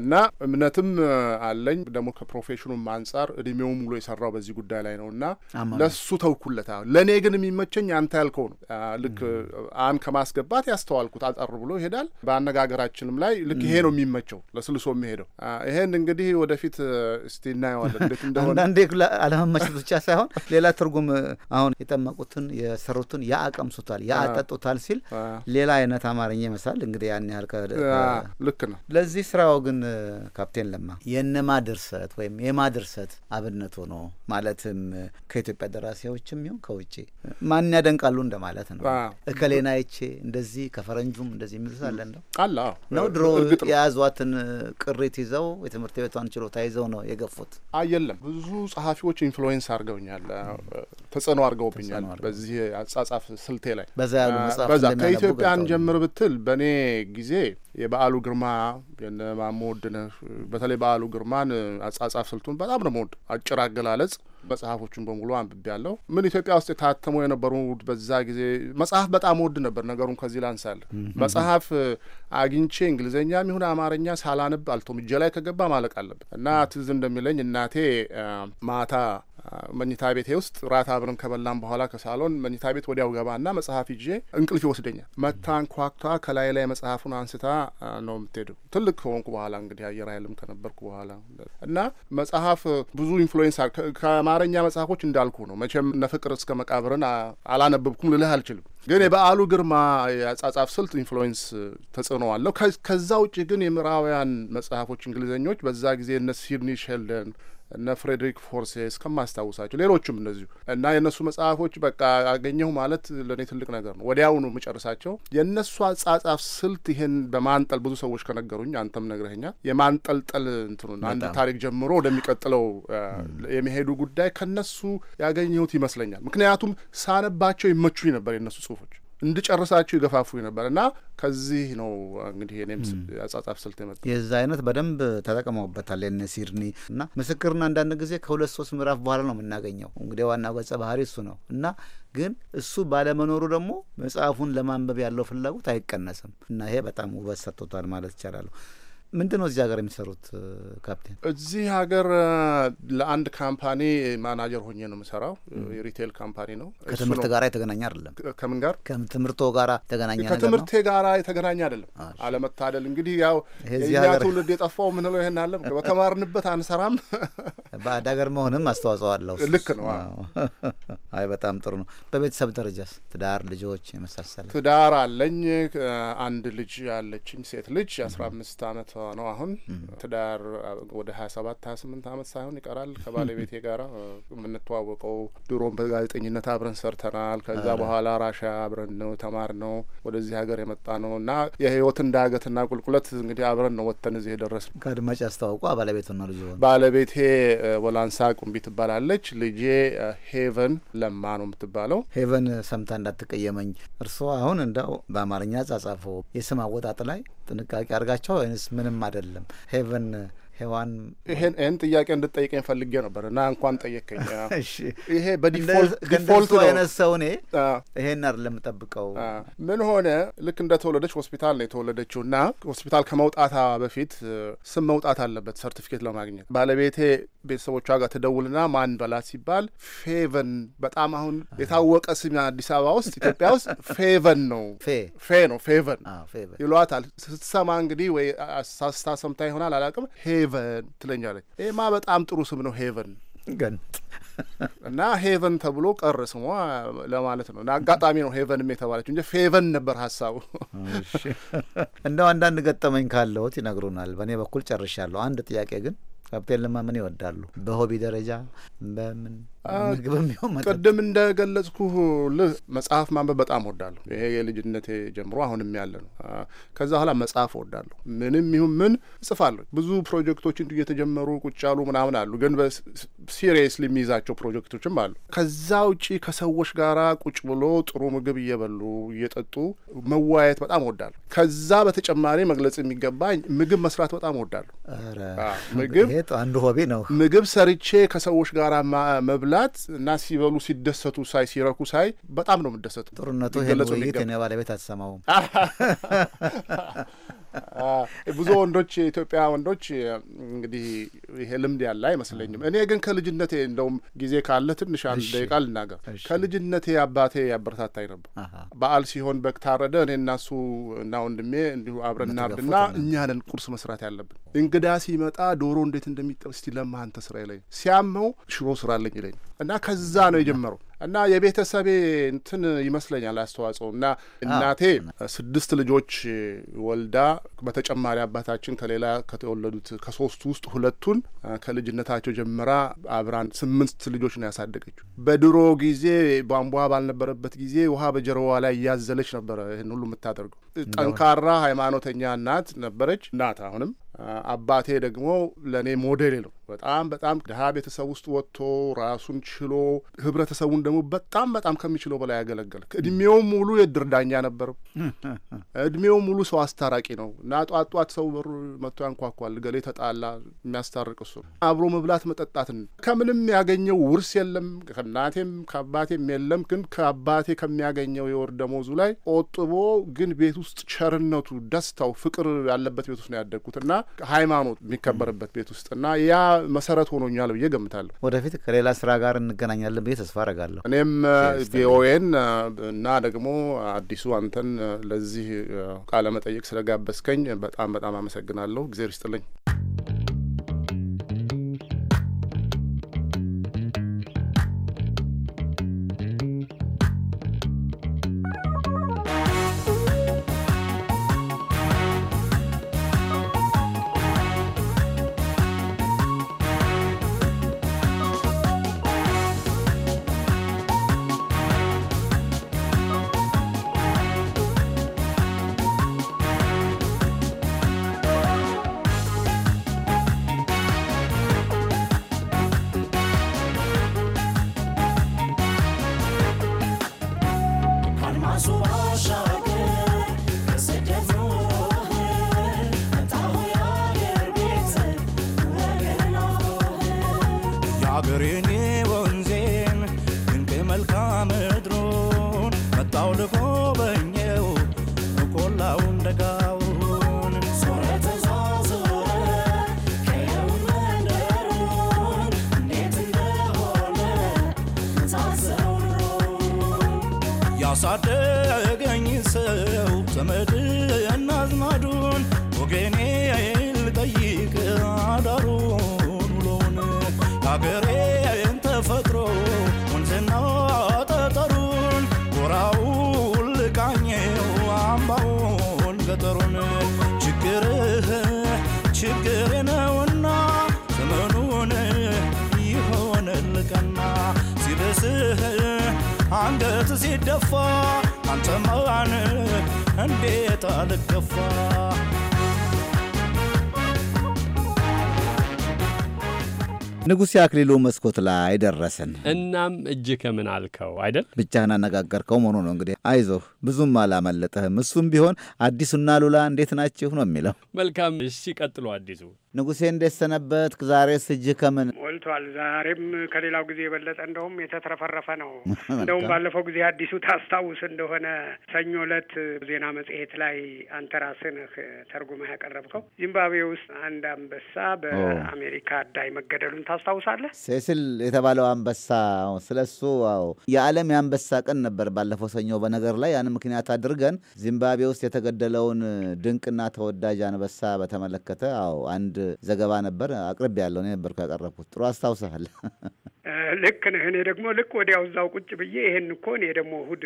F: እና እምነትም አለኝ ደግሞ ከፕሮፌሽኑም አንጻር እድሜው ሙሉ የሰራው በዚህ ጉዳይ ላይ ነው እና ለሱ ተውኩለት። ለእኔ ግን የሚመቸኝ አንተ ያልከው ነው። ልክ አን ከማስገባት ያስተዋልኩት አጠር ብሎ ይሄዳል። በአነጋገራችንም ላይ ልክ ይሄ ነው የሚመቸው ለስልሶ የሚሄደው። ይሄን እንግዲህ ወደፊት እስቲ እናየዋለን እንደሆነ
A: አንዳንዴ አለመመቸት ብቻ ሳይሆን ሌላ ትርጉም አሁን ያስቀመጡትን የሰሩትን ያአቀምሱታል፣ ያአጠጡታል ሲል ሌላ አይነት አማርኛ ይመስላል። እንግዲህ ያን ያህል ልክ ነው። ለዚህ ስራው ግን ካፕቴን ለማ የእነማ ድርሰት ወይም የማ ድርሰት አብነት ሆኖ ማለትም ከኢትዮጵያ ደራሲዎችም ይሁን ከውጭ ማን ያደንቃሉ እንደማለት ነው። እከሌን አይቼ እንደዚህ ከፈረንጁም እንደዚህ የሚሉት አለ እንደው ነው ድሮ የያዟትን ቅሪት ይዘው የትምህርት ቤቷን ችሎታ ይዘው ነው የገፉት።
F: አየለም ብዙ ጸሐፊዎች ኢንፍሉዌንስ አድርገውኛል፣ ተጽዕኖ አድርገውብኛል። ይመስለኛል በዚህ አጻጻፍ ስልቴ ላይ በዛ ያሉ መጽሐፍ ከኢትዮጵያ እንጀምር ብትል በእኔ ጊዜ የበአሉ ግርማ የነ ማሞ ውድነህ በተለይ በአሉ ግርማን አጻጻፍ ስልቱን በጣም ነው መወድ አጭር አገላለጽ መጽሐፎቹን በሙሉ አንብቤ ያለው ምን ኢትዮጵያ ውስጥ የታተሙ የነበሩ በዛ ጊዜ መጽሐፍ በጣም ወድ ነበር። ነገሩን ከዚህ ላንሳል። መጽሐፍ አግኝቼ እንግሊዝኛም ይሁን አማርኛ ሳላንብ አልቶም እጄ ላይ ከገባ ማለቅ አለብ እና ትዝ እንደሚለኝ እናቴ ማታ መኝታ ቤቴ ውስጥ ራት አብረን ከበላን በኋላ ከሳሎን መኝታ ቤት ወዲያው ና መጽሐፍ ይዤ እንቅልፍ ይወስደኛል። መታ አንኳኳ ከላይ ላይ መጽሐፉን አንስታ ነው የምትሄደው። ትልቅ ከሆንኩ በኋላ እንግዲህ አየር ኃይልም ከነበርኩ በኋላ እና መጽሐፍ ብዙ ኢንፍሉዌንስ ከአማርኛ መጽሐፎች እንዳልኩ ነው። መቼም ነፍቅር እስከ መቃብርን አላነበብኩም ልልህ አልችልም። ግን የበዓሉ ግርማ የአጻጻፍ ስልት ኢንፍሉዌንስ ተጽዕኖ አለው። ከዛ ውጭ ግን የምዕራባውያን መጽሐፎች እንግሊዘኞች በዛ ጊዜ እነ ሲድኒ ሼልደን እነ ፍሬድሪክ ፎርሴ እስከማስታውሳቸው ሌሎቹም እነዚሁ እና የእነሱ መጽሐፎች በቃ አገኘሁ ማለት ለእኔ ትልቅ ነገር ነው። ወዲያውኑ የምጨርሳቸው የእነሱ አጻጻፍ ስልት ይህን በማንጠል ብዙ ሰዎች ከነገሩኝ አንተም ነግረኸኛል። የማንጠልጠል እንትኑ አንድ ታሪክ ጀምሮ ወደሚቀጥለው የሚሄዱ ጉዳይ ከነሱ ያገኘሁት ይመስለኛል። ምክንያቱም ሳነባቸው ይመቹኝ ነበር የእነሱ ጽሁፎች እንድጨርሳችሁ ይገፋፉኝ ነበር እና ከዚህ ነው እንግዲህ የኔም አጻጻፍ ስልት የመጣ
A: የዛ አይነት በደንብ ተጠቅመውበታል። የነ ሲድኒ እና ምስክርን አንዳንድ ጊዜ ከሁለት ሶስት ምዕራፍ በኋላ ነው የምናገኘው። እንግዲህ ዋና ገጸ ባህሪ እሱ ነው እና ግን እሱ ባለመኖሩ ደግሞ መጽሐፉን ለማንበብ ያለው ፍላጎት አይቀነስም እና ይሄ በጣም ውበት ሰጥቶታል ማለት ይቻላለሁ። ምንድን ነው እዚህ ሀገር የሚሰሩት ካፕቴን?
F: እዚህ ሀገር ለአንድ ካምፓኒ ማናጀር ሆኜ ነው የምሰራው። የሪቴል ካምፓኒ ነው። ከትምህርት ጋር
A: የተገናኘ አይደለም። ከምን ጋር? ከትምህርቶ ጋር የተገናኘ ከትምህርቴ
F: ጋር የተገናኘ አይደለም። አለመታደል እንግዲህ ያው የእኛ ትውልድ የጠፋው ምንለው ይህን አለም በተማርንበት አንሰራም።
A: በአድ ሀገር መሆንም አስተዋጽኦ አለው። ልክ ነው። አይ በጣም ጥሩ ነው። በቤተሰብ ደረጃስ ትዳር፣ ልጆች የመሳሰለ?
F: ትዳር አለኝ። አንድ ልጅ አለችኝ፣ ሴት ልጅ አስራ አምስት አመት ነው። አሁን ትዳር ወደ ሀያ ሰባት ሀያ ስምንት አመት ሳይሆን ይቀራል ከባለቤቴ ጋር የምንተዋወቀው ድሮም በጋዜጠኝነት አብረን ሰርተናል። ከዛ በኋላ ራሻ አብረን ነው ተማር ነው ወደዚህ ሀገር የመጣ ነው እና የህይወትን ዳገትና ቁልቁለት እንግዲህ አብረን ነው ወጥተን እዚህ የደረስ ነው። ከአድማጭ ያስተዋውቁ ባለቤቱ ልጅ ባለቤቴ ወላንሳ ቁምቢ ትባላለች። ልጄ ሄቨን ለማ ነው የምትባለው።
A: ሄቨን ሰምታ እንዳትቀየመኝ። እርስዎ አሁን እንደው በአማርኛ ጻጻፎ የስም አወጣጥ ላይ ጥንቃቄ አድርጋቸው ወይንስ ምንም አይደለም ሄቨን
F: ሔዋን ይሄን ይህን ጥያቄ እንድጠይቀኝ ፈልጌ ነበር እና እንኳን ጠየቀኝ። ይሄ በዲፎልት ነው ሰው እኔ ይሄን አር ለምጠብቀው ምን ሆነ ልክ እንደ ተወለደች ሆስፒታል ነው የተወለደችው እና ሆስፒታል ከመውጣቷ በፊት ስም መውጣት አለበት ሰርቲፊኬት ለማግኘት። ባለቤቴ ቤተሰቦቿ ጋር ትደውልና ማን በላት ሲባል ፌቨን፣ በጣም አሁን የታወቀ ስም አዲስ አበባ ውስጥ ኢትዮጵያ ውስጥ ፌቨን ነው ፌ ነው ፌቨን ይሏታል። ስትሰማ እንግዲህ ወይ ሳስታ ሰምታ ይሆናል አላውቅም ሄቨን ትለኛለች። ይህማ በጣም ጥሩ ስም ነው ሄቨን ግን እና ሄቨን ተብሎ ቀር ስሟ ለማለት ነው። እና አጋጣሚ ነው ሄቨንም የተባለችው እንጂ ፌቨን ነበር ሀሳቡ።
A: እንደው አንዳንድ ገጠመኝ ካለዎት ይነግሩናል። በእኔ በኩል ጨርሻለሁ። አንድ ጥያቄ ግን ካፕቴን ለማ ምን ይወዳሉ? በሆቢ ደረጃ በምን ምግብም ቢሆን
F: ቅድም እንደገለጽኩህ መጽሐፍ ማንበብ በጣም ወዳለሁ። ይሄ የልጅነቴ ጀምሮ አሁንም ያለ ነው። ከዛ በኋላ መጽሐፍ ወዳለሁ። ምንም ይሁን ምን እጽፋለሁ። ብዙ ፕሮጀክቶች እንዲሁ እየተጀመሩ ቁጭ ያሉ ምናምን አሉ፣ ግን ሲሪየስሊ የሚይዛቸው ፕሮጀክቶችም አሉ። ከዛ ውጪ ከሰዎች ጋር ቁጭ ብሎ ጥሩ ምግብ እየበሉ እየጠጡ መወያየት በጣም ወዳለሁ። ከዛ በተጨማሪ መግለጽ የሚገባኝ ምግብ መስራት በጣም ወዳለሁ። ምግብ አንዱ ሆቤ ነው። ምግብ ሰርቼ ከሰዎች ጋር መብላ አባላት እና ሲበሉ ሲደሰቱ ሳይ ሲረኩ ሳይ በጣም ነው የምደሰቱ። ጥሩነቱ ይሄን ውይይት እኔ ባለቤት አትሰማውም። ብዙ ወንዶች የኢትዮጵያ ወንዶች እንግዲህ ይሄ ልምድ ያለ አይመስለኝም። እኔ ግን ከልጅነቴ እንደውም ጊዜ ካለ ትንሽ አንድ ደቂቃ ልናገር። ከልጅነቴ አባቴ ያበረታታኝ ነበር። በዓል ሲሆን በግ ታረደ። እኔ እና እሱ እና ወንድሜ እንዲሁ አብረን እናርድና እኛ ነን ቁርስ መስራት ያለብን። እንግዳ ሲመጣ ዶሮ እንዴት እንደሚጠብስ እስቲ ለማ አንተ ስራ ይለኝ፣ ሲያመው ሽሮ ስራለኝ ይለኝ እና ከዛ ነው የጀመረው እና የቤተሰቤ እንትን ይመስለኛል አስተዋጽኦ እና እናቴ ስድስት ልጆች ወልዳ በተጨማሪ አባታችን ከሌላ ከተወለዱት ከሶስቱ ውስጥ ሁለቱን ከልጅነታቸው ጀምራ አብራን ስምንት ልጆች ነው ያሳደገችው። በድሮ ጊዜ ቧንቧ ባልነበረበት ጊዜ ውሃ በጀርባዋ ላይ እያዘለች ነበረ ይህን ሁሉ የምታደርገው። ጠንካራ ሃይማኖተኛ እናት ነበረች። እናት አሁንም አባቴ ደግሞ ለእኔ ሞዴል ነው። በጣም በጣም ድሀ ቤተሰብ ውስጥ ወጥቶ ራሱን ችሎ ህብረተሰቡን ደግሞ በጣም በጣም ከሚችለው በላይ ያገለገለ እድሜውም ሙሉ የድርዳኛ ዳኛ ነበር። እድሜው ሙሉ ሰው አስታራቂ ነው እና ጧት ጧት ሰው በሩ መጥቶ ያንኳኳል። ገሌ ተጣላ፣ የሚያስታርቅ እሱ። አብሮ መብላት መጠጣትን ከምንም ያገኘው ውርስ የለም ከእናቴም ከአባቴም የለም። ግን ከአባቴ ከሚያገኘው የወር ደሞዙ ላይ ቆጥቦ ግን ቤት ውስጥ ቸርነቱ፣ ደስታው፣ ፍቅር ያለበት ቤት ውስጥ ነው ያደግኩት እና ሃይማኖት የሚከበርበት ቤት ውስጥና ያ መሰረት ሆኖኛል ብዬ ገምታለሁ። ወደፊት ከሌላ ስራ ጋር እንገናኛለን ብዬ ተስፋ አረጋለሁ። እኔም ቪኦኤን እና ደግሞ አዲሱ አንተን ለዚህ ቃለ መጠየቅ ስለጋበዝከኝ በጣም በጣም አመሰግናለሁ። እግዜር ይስጥልኝ።
A: ንጉሥ የአክሊሉ መስኮት ላይ ደረስን።
B: እናም እጅ
A: ከምን አልከው አይደል? ብቻህን አነጋገርከው መሆኑ ነው እንግዲህ። አይዞህ ብዙም አላመለጠህም። እሱም ቢሆን አዲሱና ሉላ እንዴት ናችሁ ነው የሚለው።
H: መልካም እሺ፣ ቀጥሎ አዲሱ
A: ንጉሴ እንዴት ሰነበትክ? ዛሬስ ከምን
H: ሞልቷል? ዛሬም ከሌላው ጊዜ የበለጠ እንደውም የተትረፈረፈ ነው። እንደውም ባለፈው ጊዜ አዲሱ ታስታውስ እንደሆነ ሰኞ ዕለት ዜና መጽሔት ላይ አንተ ራስህ ተርጉመህ ያቀረብከው ዚምባብዌ ውስጥ አንድ አንበሳ በአሜሪካ እዳይ መገደሉን ታስታውሳለህ?
A: ሴሲል የተባለው አንበሳ ስለ እሱ ው የዓለም የአንበሳ ቀን ነበር ባለፈው ሰኞ። በነገር ላይ ያን ምክንያት አድርገን ዚምባብዌ ውስጥ የተገደለውን ድንቅና ተወዳጅ አንበሳ በተመለከተ አንድ ዘገባ ነበር አቅርብ ያለው እኔ ነበርኩ ያቀረብኩት። ጥሩ አስታውሰሃል።
H: ልክ ነህ። እኔ ደግሞ ልክ ወዲያው እዛው ቁጭ ብዬ ይሄን እኮ እኔ ደግሞ እሑድ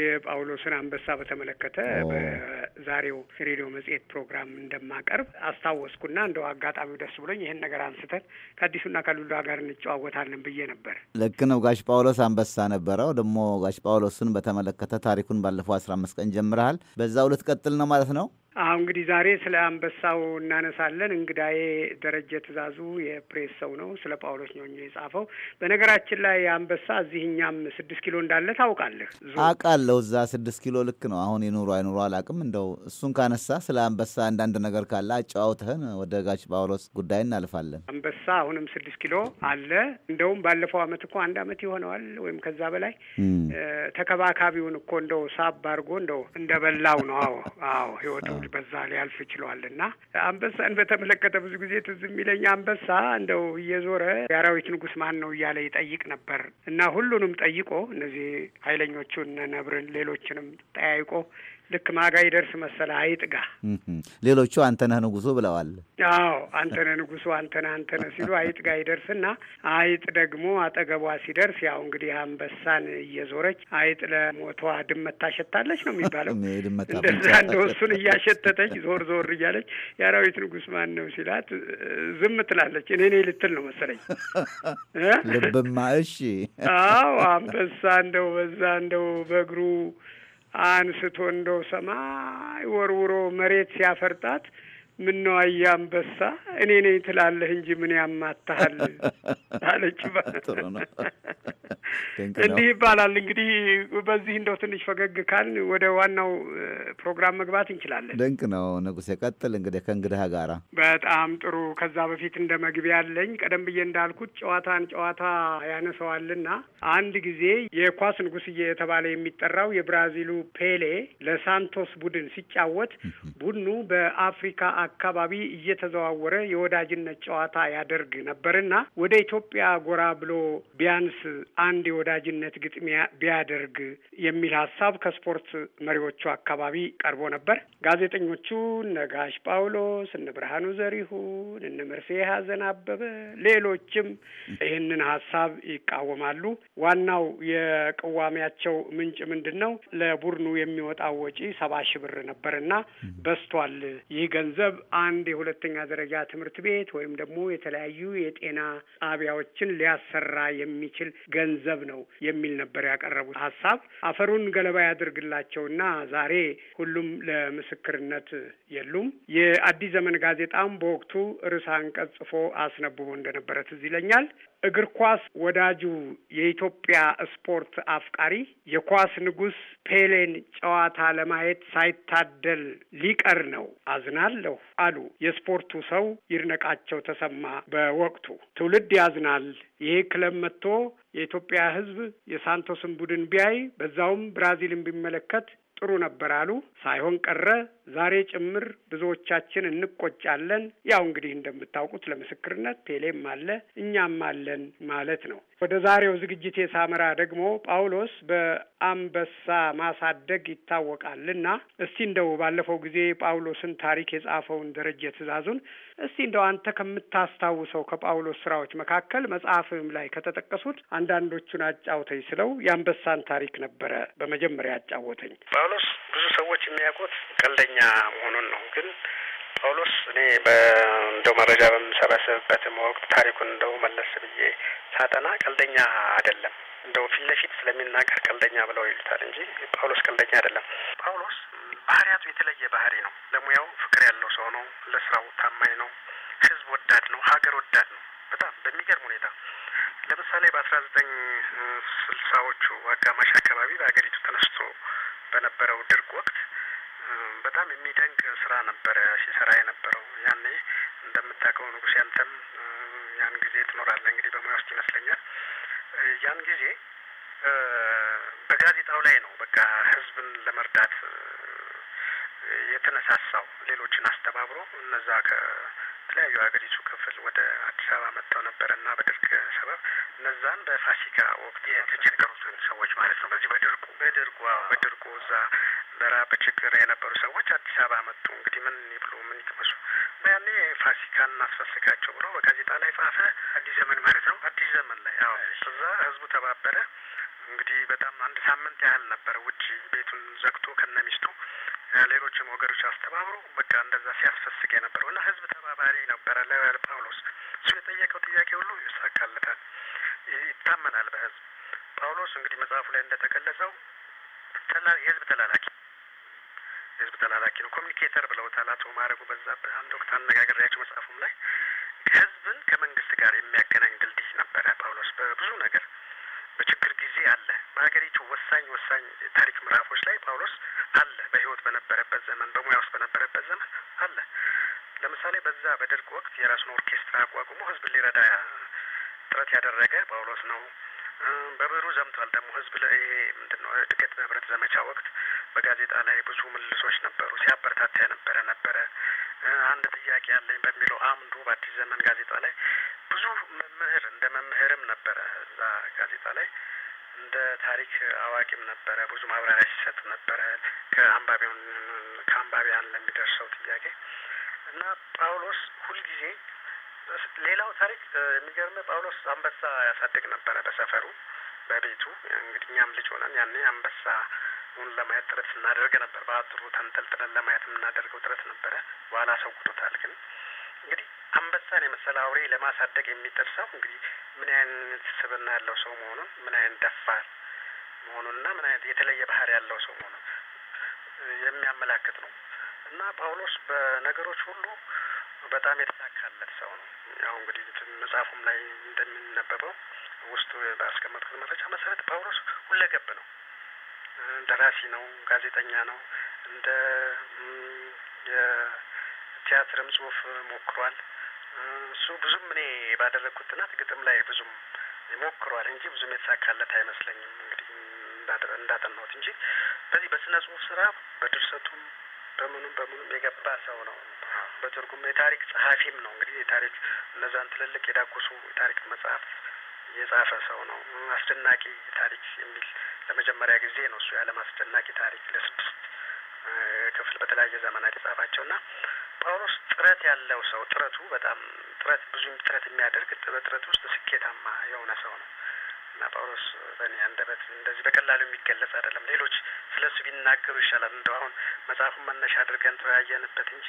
H: የጳውሎስን አንበሳ በተመለከተ በዛሬው ሬዲዮ መጽሔት ፕሮግራም እንደማቀርብ አስታወስኩና እንደው አጋጣሚው ደስ ብሎኝ ይህን ነገር አንስተን ከአዲሱና ከሉላ ጋር እንጨዋወታለን ብዬ ነበር።
A: ልክ ነው። ጋሽ ጳውሎስ አንበሳ ነበረው። ደግሞ ጋሽ ጳውሎስን በተመለከተ ታሪኩን ባለፈው አስራ አምስት ቀን ጀምረሃል። በዛው ልትቀጥል ነው ማለት ነው።
H: አሁ እንግዲህ ዛሬ ስለ አንበሳው እናነሳለን። እንግዳዬ ደረጀ ትእዛዙ የፕሬስ ሰው ነው። ስለ ጳውሎስ ኞኞ የጻፈው በነገራችን ላይ አንበሳ እዚህ እኛም ስድስት ኪሎ እንዳለ ታውቃለህ? አውቃለሁ
A: አለው እዛ ስድስት ኪሎ ልክ ነው። አሁን የኑሮ አይኑሮ አላቅም። እንደው እሱን ካነሳ ስለ አንበሳ አንዳንድ ነገር ካለ አጫዋውተህን ወደ ጋሽ ጳውሎስ ጉዳይ እናልፋለን።
H: አንበሳ አሁንም ስድስት ኪሎ አለ። እንደውም ባለፈው አመት እኮ አንድ አመት ይሆነዋል ወይም ከዛ በላይ ተከባካቢውን እኮ እንደው ሳብ አድርጎ እንደው እንደበላው ነው። አዎ አዎ፣ ህይወቱ በዛ ሊያልፍ ይችሏል። እና አንበሳን በተመለከተ ብዙ ጊዜ ትዝ የሚለኝ አንበሳ እንደው እየዞረ የአራዊት ንጉስ ማን ነው እያለ ይጠይቅ ነበር እና ሁሉንም ጠይቆ እነዚህ ኃይለኞቹን ነ አብረን ሌሎችንም ጠያይቆ ልክ ማጋ ይደርስ መሰለ አይጥጋ
A: ጋ ሌሎቹ አንተነህ ንጉሱ ብለዋል።
H: አዎ አንተነህ ንጉሱ አንተነህ አንተነህ ሲሉ ሀይጥ ጋ ይደርስና አይጥ ደግሞ አጠገቧ ሲደርስ ያው እንግዲህ አንበሳን እየዞረች አይጥ ለሞቷ ድመት ታሸታለች ነው የሚባለው።
A: እንደዛ እንደወሱን
H: እያሸተተች ዞር ዞር እያለች የአራዊት ንጉስ ማን ነው ሲላት ዝም ትላለች። እኔ እኔ ልትል ነው መሰለኝ
A: ልብማ። እሺ አዎ አንበሳ
H: እንደው በዛ እንደው በእግሩ አንስቶ እንደው ሰማይ ወርውሮ መሬት ሲያፈርጣት ምነው አያ አንበሳ እኔ ነኝ ትላለህ እንጂ ምን ያማታሃል
A: አለች። ጥሩ ነው። እንዲህ
H: ይባላል እንግዲህ። በዚህ እንደው ትንሽ ፈገግ ካል ወደ ዋናው ፕሮግራም መግባት እንችላለን።
A: ድንቅ ነው ንጉሴ፣ ቀጥል እንግዲህ ከእንግዳህ ጋራ።
H: በጣም ጥሩ። ከዛ በፊት እንደ መግቢያ ያለኝ ቀደም ብዬ እንዳልኩት ጨዋታን ጨዋታ ያነሰዋልና አንድ ጊዜ የኳስ ንጉስዬ የተባለ የሚጠራው የብራዚሉ ፔሌ ለሳንቶስ ቡድን ሲጫወት ቡድኑ በአፍሪካ አካባቢ እየተዘዋወረ የወዳጅነት ጨዋታ ያደርግ ነበርና ወደ ኢትዮጵያ ጎራ ብሎ ቢያንስ አንድ አንድ የወዳጅነት ግጥሚያ ቢያደርግ የሚል ሀሳብ ከስፖርት መሪዎቹ አካባቢ ቀርቦ ነበር። ጋዜጠኞቹ እነ ጋሽ ጳውሎስ፣ እነ ብርሃኑ ዘሪሁን፣ እነ መርሴ ሀዘን አበበ፣ ሌሎችም ይህንን ሀሳብ ይቃወማሉ። ዋናው የቅዋሚያቸው ምንጭ ምንድን ነው? ለቡድኑ የሚወጣው ወጪ ሰባ ሺ ብር ነበር በስቷል። ይህ ገንዘብ አንድ የሁለተኛ ደረጃ ትምህርት ቤት ወይም ደግሞ የተለያዩ የጤና ጣቢያዎችን ሊያሰራ የሚችል ገንዘብ ገንዘብ ነው የሚል ነበር ያቀረቡት ሀሳብ። አፈሩን ገለባ ያድርግላቸውና ዛሬ ሁሉም ለምስክርነት የሉም። የአዲስ ዘመን ጋዜጣም በወቅቱ ርዕሰ አንቀጽ ጽፎ አስነብቦ እንደነበረ ትዝ ይለኛል። እግር ኳስ ወዳጁ የኢትዮጵያ ስፖርት አፍቃሪ የኳስ ንጉሥ ፔሌን ጨዋታ ለማየት ሳይታደል ሊቀር ነው፣ አዝናለሁ አሉ የስፖርቱ ሰው ይድነቃቸው ተሰማ በወቅቱ። ትውልድ ያዝናል። ይሄ ክለብ መጥቶ የኢትዮጵያ ሕዝብ የሳንቶስን ቡድን ቢያይ በዛውም ብራዚልን ቢመለከት ጥሩ ነበር አሉ። ሳይሆን ቀረ። ዛሬ ጭምር ብዙዎቻችን እንቆጫለን። ያው እንግዲህ እንደምታውቁት ለምስክርነት ቴሌም አለ እኛም አለን ማለት ነው። ወደ ዛሬው ዝግጅቴ ሳመራ ደግሞ ጳውሎስ በአንበሳ ማሳደግ ይታወቃልና እስቲ እንደው ባለፈው ጊዜ ጳውሎስን ታሪክ የጻፈውን ደረጀ ትእዛዙን እስቲ እንደው አንተ ከምታስታውሰው ከጳውሎስ ስራዎች መካከል መጽሐፍም ላይ ከተጠቀሱት አንዳንዶቹን አጫውተኝ ስለው የአንበሳን ታሪክ ነበረ በመጀመሪያ አጫወተኝ
I: ጳውሎስ ብዙ ሰዎች የሚያውቁት ቀልደኛ እውነተኛ መሆኑን ነው። ግን ጳውሎስ እኔ እንደው መረጃ በምሰበሰብበትም ወቅት ታሪኩን እንደው መለስ ብዬ ሳጠና ቀልደኛ አይደለም። እንደው ፊት ለፊት ስለሚናገር ቀልደኛ ብለው ይሉታል እንጂ ጳውሎስ ቀልደኛ አይደለም። ጳውሎስ ባህሪያቱ የተለየ ባህሪ ነው። ለሙያው ፍቅር ያለው ሰው ነው። ለስራው ታማኝ ነው። ህዝብ ወዳድ ነው። ሀገር ወዳድ ነው። በጣም በሚገርም ሁኔታ ለምሳሌ በአስራ ዘጠኝ ስልሳዎቹ አጋማሽ አካባቢ በሀገሪቱ ተነስቶ በነበረው ድርቅ ወቅት በጣም የሚደንቅ ስራ ነበረ ሲሰራ የነበረው ያኔ። እንደምታውቀው ንጉስ፣ ያንተም ያን ጊዜ ትኖራለህ እንግዲህ በሙያ ውስጥ ይመስለኛል። ያን ጊዜ በጋዜጣው ላይ ነው በቃ ህዝብን ለመርዳት የተነሳሳው ሌሎችን አስተባብሮ እነዛ የተለያዩ ሀገሪቱ ክፍል ወደ አዲስ አበባ መጥተው ነበረ እና በድርቅ ሰበብ እነዛን በፋሲካ ወቅት የተቸገሩትን ሰዎች ማለት ነው። በዚህ በድርቁ በድርቁ በድርቁ እዛ በረሀብ በችግር የነበሩ ሰዎች አዲስ አበባ መጡ። እንግዲህ ምን ይብሉ ምን ይቅመሱ? ያኔ ፋሲካን እናስፈስጋቸው ብሎ በጋዜጣ ላይ ጻፈ። አዲስ ዘመን ማለት ነው። አዲስ ዘመን ላይ አዎ። እዛ ህዝቡ ተባበረ። እንግዲህ በጣም አንድ ሳምንት ያህል ነበረ ውጭ ቤቱን ዘግቶ ከነሚስቱ ሌሎችም ወገኖች አስተባብሮ በቃ እንደዛ ሲያስፈስግ የነበረው እና ህዝብ ተባባሪ ነበረ ጳውሎስ እሱ የጠየቀው ጥያቄ ሁሉ ይሳካለታል፣ ይታመናል በህዝብ። ጳውሎስ እንግዲህ መጽሐፉ ላይ እንደተገለጸው የህዝብ ተላላኪ ህዝብ ተላላኪ ነው። ኮሚኒኬተር ብለውታል አቶ ማረጉ በዛ አንድ ወቅት አነጋገሪያቸው መጽሐፉም ላይ ህዝብ ጨምሮት ነው። በበሩ ዘምቷል። ደግሞ ህዝብ ላይ ምንድን ነው እድገት በህብረት ዘመቻ ወቅት በጋዜጣ ላይ ብዙ ምልልሶች ነበሩ። ሲያበረታታ የነበረ ነበረ። አንድ ጥያቄ አለኝ በሚለው አምዱ በአዲስ ዘመን ጋዜጣ ላይ ብዙ መምህር እንደ መምህርም ነበረ እዛ ጋዜጣ ላይ እንደ ታሪክ አዋቂም ነበረ። ብዙ ማብራሪያ ሲሰጥ ነበረ ከአንባቢያን ከአንባቢያን ለሚደርሰው ጥያቄ እና ጳውሎስ ሁልጊዜ ሌላው ታሪክ የሚገርም ጳውሎስ አንበሳ ያሳድግ ነበረ በሰፈሩ በቤቱ እንግዲህ እኛም ልጅ ሆነን ያኔ አንበሳ ሁን ለማየት ጥረት ስናደርግ ነበር። በአጥሩ ተንጠልጥለን ለማየት የምናደርገው ጥረት ነበረ። በኋላ ጉቶታል ግን እንግዲህ አንበሳን የመሰለ አውሬ ለማሳደግ የሚጥር ሰው እንግዲህ ምን አይነት ስብና ያለው ሰው መሆኑን፣ ምን አይነት ደፋር መሆኑንና ምን አይነት የተለየ ባህሪ ያለው ሰው መሆኑን የሚያመላክት ነው እና ጳውሎስ በነገሮች ሁሉ በጣም የተሳካለት ሰው ነው። ያው እንግዲህ መጽሐፉም ላይ እንደሚነበበው ውስጡ ባስቀመጥኩት መረጃ መሰረት ጳውሎስ ሁለገብ ነው። ደራሲ ነው፣ ጋዜጠኛ ነው። እንደ የቲያትርም ጽሁፍ ሞክሯል። እሱ ብዙም እኔ ባደረግኩት ጥናት ግጥም ላይ ብዙም ሞክሯል እንጂ ብዙም የተሳካለት አይመስለኝም። እንግዲህ እንዳጠናሁት እንጂ በዚህ በስነ ጽሁፍ ስራ በድርሰቱም በምኑም በምኑም የገባ ሰው ነው። በትርጉም የታሪክ ጸሐፊም ነው። እንግዲህ የታሪክ እነዛን ትልልቅ የዳጎሱ የታሪክ መጽሐፍ የጻፈ ሰው ነው። አስደናቂ ታሪክ የሚል ለመጀመሪያ ጊዜ ነው እሱ የዓለም አስደናቂ ታሪክ ለስድስት ክፍል በተለያየ ዘመናት የጻፋቸው እና ጳውሎስ ጥረት ያለው ሰው ጥረቱ በጣም ጥረት ብዙም ጥረት የሚያደርግ በጥረት ውስጥ ስኬታማ የሆነ ሰው ነው። እና ጳውሎስ በእኔ አንደበት እንደዚህ በቀላሉ የሚገለጽ አይደለም። ሌሎች ስለ እሱ ቢናገሩ ይሻላል። እንደው አሁን መጽሐፉን መነሻ አድርገን ተወያየንበት እንጂ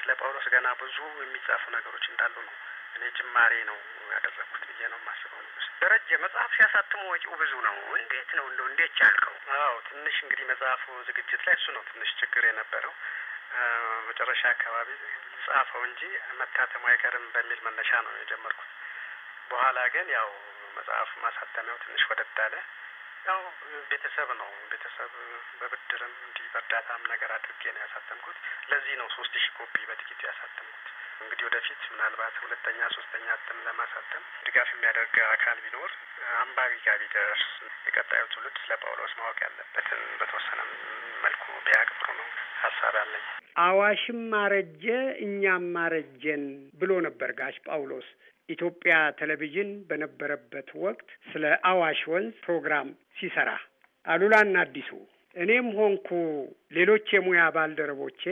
I: ስለ ጳውሎስ ገና ብዙ የሚጻፉ ነገሮች እንዳሉ ነው እኔ ጅማሬ ነው ያደረግኩት ብዬ ነው የማስበው። ንጉስ ደረጀ መጽሐፍ ሲያሳትሙ ወጪው ብዙ ነው። እንዴት ነው እንደው እንዴት ቻልከው? አዎ ትንሽ እንግዲህ መጽሐፉ ዝግጅት ላይ እሱ ነው ትንሽ ችግር የነበረው መጨረሻ አካባቢ ጻፈው እንጂ መታተሙ አይቀርም በሚል መነሻ ነው የጀመርኩት። በኋላ ግን ያው መጽሐፍ ማሳተሚያው ትንሽ ወደድ አለ። ያው ቤተሰብ ነው ቤተሰብ በብድርም እንዲህ በእርዳታም ነገር አድርጌ ነው ያሳተምኩት። ለዚህ ነው ሶስት ሺህ ኮፒ በጥቂቱ ያሳተምኩት። እንግዲህ ወደፊት ምናልባት ሁለተኛ ሶስተኛ እትም ለማሳተም ድጋፍ የሚያደርግ አካል ቢኖር አንባቢ ጋር ቢደርስ የቀጣዩ ትውልድ ስለ ጳውሎስ ማወቅ ያለበትን በተወሰነ መልኩ ቢያቅብሩ ነው ሀሳብ አለኝ።
H: አዋሽም አረጀ እኛም አረጀን ብሎ ነበር ጋሽ ጳውሎስ። ኢትዮጵያ ቴሌቪዥን በነበረበት ወቅት ስለ አዋሽ ወንዝ ፕሮግራም ሲሰራ አሉላና አዲሱ እኔም ሆንኩ ሌሎች የሙያ ባልደረቦቼ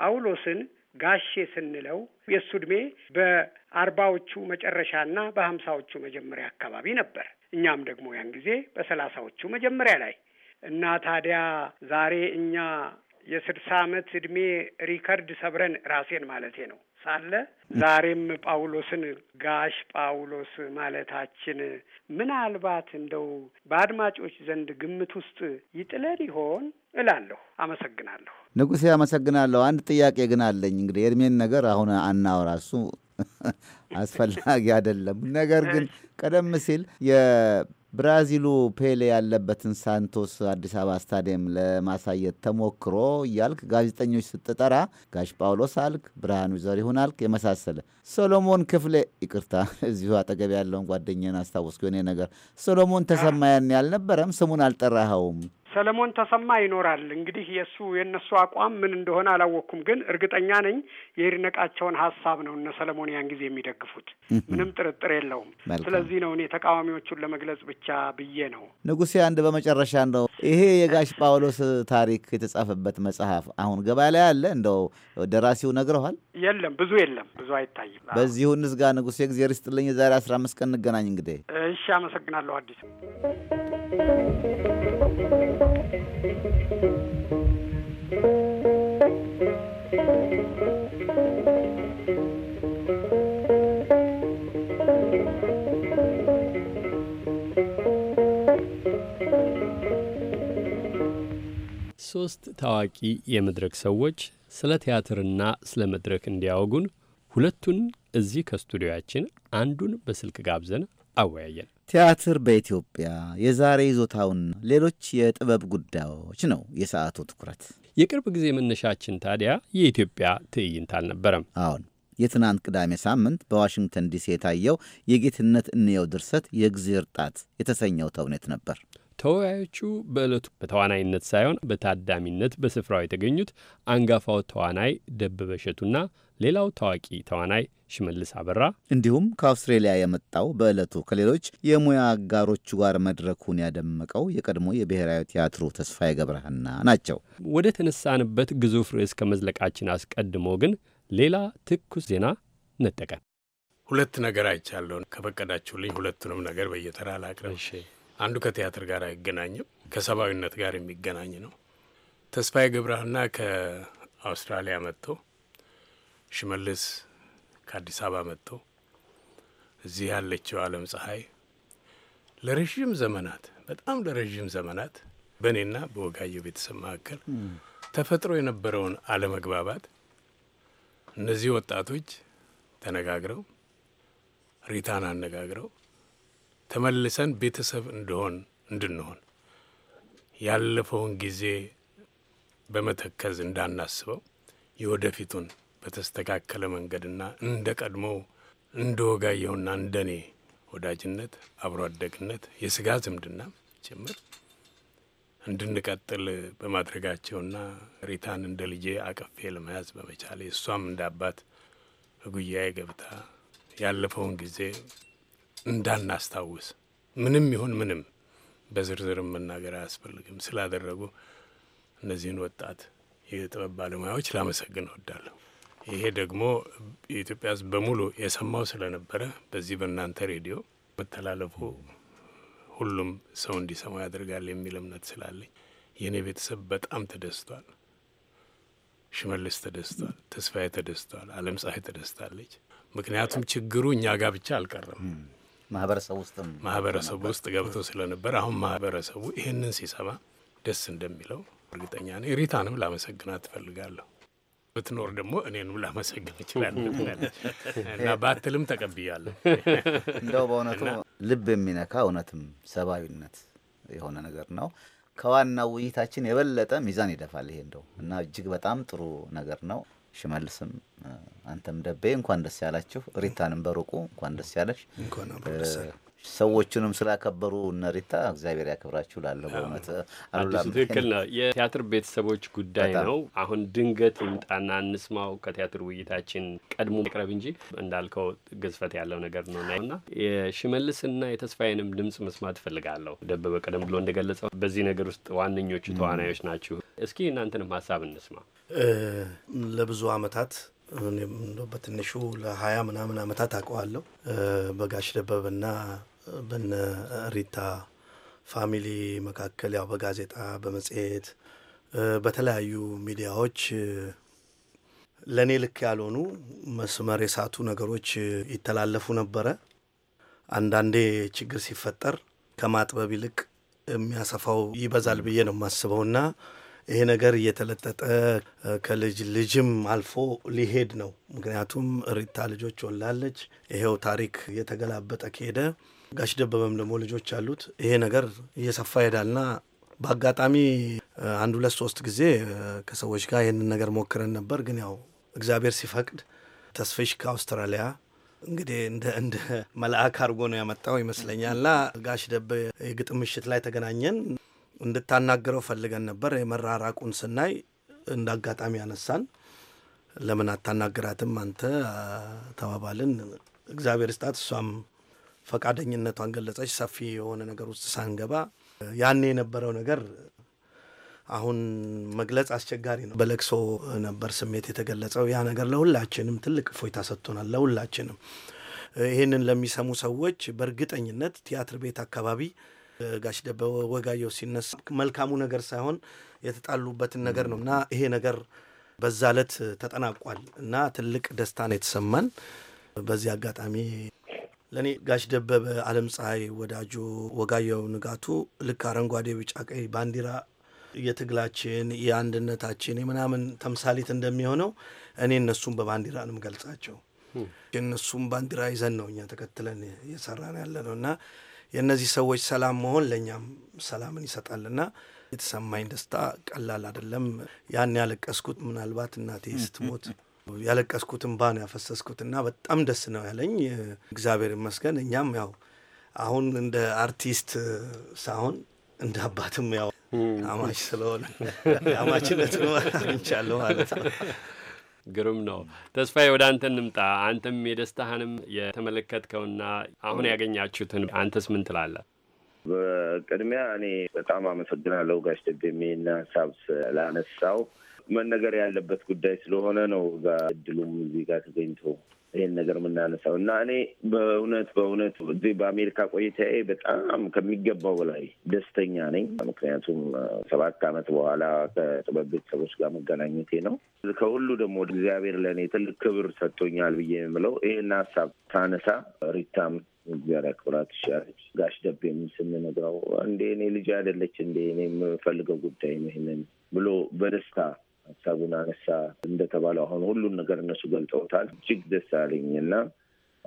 H: ጳውሎስን ጋሼ ስንለው የእሱ ዕድሜ በአርባዎቹ መጨረሻና በሀምሳዎቹ መጀመሪያ አካባቢ ነበር። እኛም ደግሞ ያን ጊዜ በሰላሳዎቹ መጀመሪያ ላይ እና ታዲያ ዛሬ እኛ የስድሳ ዓመት ዕድሜ ሪከርድ ሰብረን ራሴን ማለቴ ነው ሳለ ዛሬም ጳውሎስን ጋሽ ጳውሎስ ማለታችን ምናልባት እንደው በአድማጮች ዘንድ ግምት ውስጥ ይጥለን ይሆን እላለሁ። አመሰግናለሁ
A: ንጉሴ። አመሰግናለሁ። አንድ ጥያቄ ግን አለኝ። እንግዲህ የእድሜን ነገር አሁን አናወራ እሱ አስፈላጊ አይደለም። ነገር ግን ቀደም ሲል ብራዚሉ ፔሌ ያለበትን ሳንቶስ አዲስ አበባ ስታዲየም ለማሳየት ተሞክሮ እያልክ ጋዜጠኞች ስትጠራ ጋሽ ጳውሎስ አልክ፣ ብርሃኑ ዘሪሁን አልክ፣ የመሳሰለ ሶሎሞን ክፍሌ ይቅርታ፣ እዚሁ አጠገብ ያለውን ጓደኛን አስታወስኩ። የኔ ነገር ሶሎሞን ተሰማ ያን አልነበረም፣ ስሙን አልጠራኸውም።
H: ሰለሞን ተሰማ ይኖራል። እንግዲህ የእሱ የእነሱ አቋም ምን እንደሆነ አላወቅኩም፣ ግን እርግጠኛ ነኝ የይድነቃቸውን ሀሳብ ነው እነ ሰለሞን ያን ጊዜ የሚደግፉት፣ ምንም ጥርጥር የለውም። ስለዚህ ነው እኔ ተቃዋሚዎቹን ለመግለጽ ብቻ ብዬ ነው።
A: ንጉሴ፣ አንድ በመጨረሻ ነው ይሄ የጋሽ ጳውሎስ ታሪክ የተጻፈበት መጽሐፍ አሁን ገበያ ላይ አለ? እንደው ደራሲው ነግረዋል?
H: የለም፣ ብዙ የለም፣ ብዙ አይታይም።
A: በዚሁ እንዝጋ። ንጉሴ፣ እግዜር ይስጥልኝ። የዛሬ አስራ አምስት ቀን እንገናኝ እንግዲህ።
H: እሺ፣ አመሰግናለሁ አዲስ
B: ሶስት ታዋቂ የመድረክ ሰዎች ስለ ቲያትርና ስለ መድረክ እንዲያወጉን ሁለቱን እዚህ ከስቱዲዮያችን አንዱን በስልክ ጋብዘን አወያየን።
A: ቲያትር በኢትዮጵያ የዛሬ ይዞታውና ሌሎች የጥበብ ጉዳዮች ነው የሰዓቱ ትኩረት። የቅርብ ጊዜ መነሻችን
B: ታዲያ የኢትዮጵያ ትዕይንት አልነበረም።
A: አሁን የትናንት ቅዳሜ ሳምንት በዋሽንግተን ዲሲ የታየው የጌትነት እንየው ድርሰት የእግዜር ጣት የተሰኘው ተውኔት ነበር።
B: ተወያዮቹ በዕለቱ በተዋናይነት ሳይሆን በታዳሚነት በስፍራው የተገኙት አንጋፋው ተዋናይ ደበበ እሸቱና ሌላው ታዋቂ ተዋናይ ሽመልስ አበራ
A: እንዲሁም ከአውስትሬሊያ የመጣው በዕለቱ ከሌሎች የሙያ አጋሮቹ ጋር መድረኩን ያደመቀው የቀድሞ የብሔራዊ ቲያትሩ ተስፋዬ ገብረሃና ናቸው።
B: ወደ ተነሳንበት ግዙፍ ርዕስ ከመዝለቃችን አስቀድሞ ግን ሌላ ትኩስ ዜና ነጠቀን።
C: ሁለት ነገር አይቻለሁ። ከፈቀዳችሁልኝ ሁለቱንም ነገር በየተራ ላቅርብ። አንዱ ከቲያትር ጋር አይገናኝም፣ ከሰብአዊነት ጋር የሚገናኝ ነው። ተስፋዬ ገብረሃና ከአውስትራሊያ መጥቶ ሽመልስ ከአዲስ አበባ መጥቶ እዚህ ያለችው አለም ፀሐይ ለረዥም ዘመናት በጣም ለረዥም ዘመናት በእኔና በወጋየሁ ቤተሰብ መካከል ተፈጥሮ የነበረውን አለመግባባት እነዚህ ወጣቶች ተነጋግረው ሪታን አነጋግረው ተመልሰን ቤተሰብ እንደሆን እንድንሆን ያለፈውን ጊዜ በመተከዝ እንዳናስበው የወደፊቱን በተስተካከለ መንገድና እንደ ቀድሞ እንደ ወጋየሁና እንደ እኔ ወዳጅነት፣ አብሮ አደግነት፣ የስጋ ዝምድና ጭምር እንድንቀጥል በማድረጋቸውና ሪታን እንደ ልጄ አቀፌ ለመያዝ በመቻሌ እሷም እንደ አባት ገብታ ያለፈውን ጊዜ እንዳናስታውስ ምንም ይሁን ምንም በዝርዝርም መናገር አያስፈልግም ስላደረጉ እነዚህን ወጣት የጥበብ ባለሙያዎች ላመሰግን እወዳለሁ። ይሄ ደግሞ የኢትዮጵያ ሕዝብ በሙሉ የሰማው ስለነበረ በዚህ በእናንተ ሬዲዮ መተላለፉ ሁሉም ሰው እንዲሰማው ያደርጋል የሚል እምነት ስላለኝ የእኔ ቤተሰብ በጣም ተደስቷል። ሽመልስ ተደስቷል፣ ተስፋዬ ተደስቷል፣ አለም ፀሐይ ተደስታለች። ምክንያቱም ችግሩ እኛ ጋር ብቻ አልቀረም።
A: ማህበረሰብ ውስጥም ማህበረሰብ
C: ውስጥ ገብቶ ስለነበር አሁን ማህበረሰቡ ይህንን ሲሰማ ደስ እንደሚለው እርግጠኛ ነው። ሪታንም ላመሰግናት ትፈልጋለሁ። ብትኖር ደግሞ እኔንም ላመሰግን ይችላል እና ባትልም ተቀብያለሁ።
A: እንደው በእውነቱ ልብ የሚነካ እውነትም ሰብአዊነት የሆነ ነገር ነው። ከዋናው ውይይታችን የበለጠ ሚዛን ይደፋል ይሄ እንደው እና እጅግ በጣም ጥሩ ነገር ነው። ሽመልስም አንተም ደቤ እንኳን ደስ ያላችሁ። ሪታንም በሩቁ እንኳን ደስ ያለሽ። ሰዎቹንም ስላከበሩ እነሪታ እግዚአብሔር ያክብራችሁ ላለ በእውነት አዲሱ ትክክል ነው።
B: የቲያትር ቤተሰቦች ጉዳይ ነው። አሁን ድንገት ይምጣና እንስማው ከቲያትር ውይይታችን ቀድሞ መቅረብ እንጂ እንዳልከው ግዝፈት ያለው ነገር ነው እና የሽመልስና የተስፋዬንም ድምጽ መስማት እፈልጋለሁ። ደበበ ቀደም ብሎ እንደገለጸው በዚህ ነገር ውስጥ ዋነኞቹ ተዋናዮች ናችሁ። እስኪ እናንተንም ሀሳብ እንስማ።
D: ለብዙ አመታት በትንሹ ለሀያ ምናምን አመታት አውቀዋለሁ በጋሽ ደበበና በነ ሪታ ፋሚሊ መካከል ያው በጋዜጣ በመጽሔት በተለያዩ ሚዲያዎች ለእኔ ልክ ያልሆኑ መስመር የሳቱ ነገሮች ይተላለፉ ነበረ። አንዳንዴ ችግር ሲፈጠር ከማጥበብ ይልቅ የሚያሰፋው ይበዛል ብዬ ነው የማስበውና ይሄ ነገር እየተለጠጠ ከልጅ ልጅም አልፎ ሊሄድ ነው። ምክንያቱም ሪታ ልጆች ወላለች። ይሄው ታሪክ እየተገላበጠ ከሄደ ጋሽ ደበበም ደግሞ ልጆች አሉት። ይሄ ነገር እየሰፋ ይሄዳልና በአጋጣሚ አንድ ሁለት ሶስት ጊዜ ከሰዎች ጋር ይህንን ነገር ሞክረን ነበር። ግን ያው እግዚአብሔር ሲፈቅድ ተስፍሽ ከአውስትራሊያ እንግዲህ እንደ መልአክ አድርጎ ነው ያመጣው ይመስለኛል። እና ጋሽ ደበ የግጥም ምሽት ላይ ተገናኘን። እንድታናግረው ፈልገን ነበር። የመራራቁን ስናይ እንደ አጋጣሚ ያነሳን። ለምን አታናግራትም አንተ ተባባልን። እግዚአብሔር ስጣት እሷም ፈቃደኝነቷን ገለጸች። ሰፊ የሆነ ነገር ውስጥ ሳንገባ ያኔ የነበረው ነገር አሁን መግለጽ አስቸጋሪ ነው። በለቅሶ ነበር ስሜት የተገለጸው። ያ ነገር ለሁላችንም ትልቅ እፎይታ ሰጥቶናል። ለሁላችንም ይህንን ለሚሰሙ ሰዎች በእርግጠኝነት ቲያትር ቤት አካባቢ ጋሽ ደበበ ወጋየሁ ሲነሳ መልካሙ ነገር ሳይሆን የተጣሉበትን ነገር ነው እና ይሄ ነገር በዛ ዕለት ተጠናቋል እና ትልቅ ደስታ ነው የተሰማን። በዚህ አጋጣሚ ለእኔ ጋሽ ደበበ አለም ፀሐይ ወዳጆ፣ ወጋየው ንጋቱ ልክ አረንጓዴ፣ ቢጫ፣ ቀይ ባንዲራ የትግላችን የአንድነታችን የምናምን ተምሳሌት እንደሚሆነው እኔ እነሱን በባንዲራ ነው የምገልጻቸው። ባንዲራ ይዘን ነው እኛ ተከትለን እየሰራን ያለ ነው እና የእነዚህ ሰዎች ሰላም መሆን ለእኛም ሰላምን ይሰጣልና የተሰማኝ ደስታ ቀላል አይደለም። ያን ያለቀስኩት ምናልባት እናቴ ስትሞት ያለቀስኩትን ባን ያፈሰስኩትና በጣም ደስ ነው ያለኝ። እግዚአብሔር ይመስገን። እኛም ያው አሁን እንደ አርቲስት ሳሆን እንደ አባትም ያው አማች ስለሆነ አማችነት አግኝቻለሁ ማለት
C: ነው።
B: ግሩም ነው። ተስፋዬ ወደ አንተ እንምጣ። አንተም የደስታህንም የተመለከትከውና አሁን ያገኛችሁትን አንተስ ምን ትላለህ?
E: በቅድሚያ እኔ በጣም አመሰግናለሁ ጋሽ ደቤሜና ሳብስ ላነሳው መነገር ያለበት ጉዳይ ስለሆነ ነው። እዛ እድሉም እዚህ ጋር ተገኝቶ ይህን ነገር የምናነሳው እና እኔ በእውነት በእውነት እዚህ በአሜሪካ ቆይታዬ በጣም ከሚገባው በላይ ደስተኛ ነኝ። ምክንያቱም ሰባት ዓመት በኋላ ከጥበብ ቤተሰቦች ጋር መገናኘቴ ነው። ከሁሉ ደግሞ እግዚአብሔር ለእኔ ትልቅ ክብር ሰጥቶኛል ብዬ የምለው ይህን ሀሳብ ታነሳ ሪታም እግዚአብሔር ያክብራት ይሻለች። ጋሽ ደቤም ስንነግረው እንዴ እኔ ልጅ አይደለች እንዴ እኔ የምፈልገው ጉዳይ ነው ይህንን ብሎ በደስታ ሀሳቡን አነሳ እንደተባለው አሁን ሁሉን ነገር እነሱ ገልጠውታል እጅግ ደስ አለኝ እና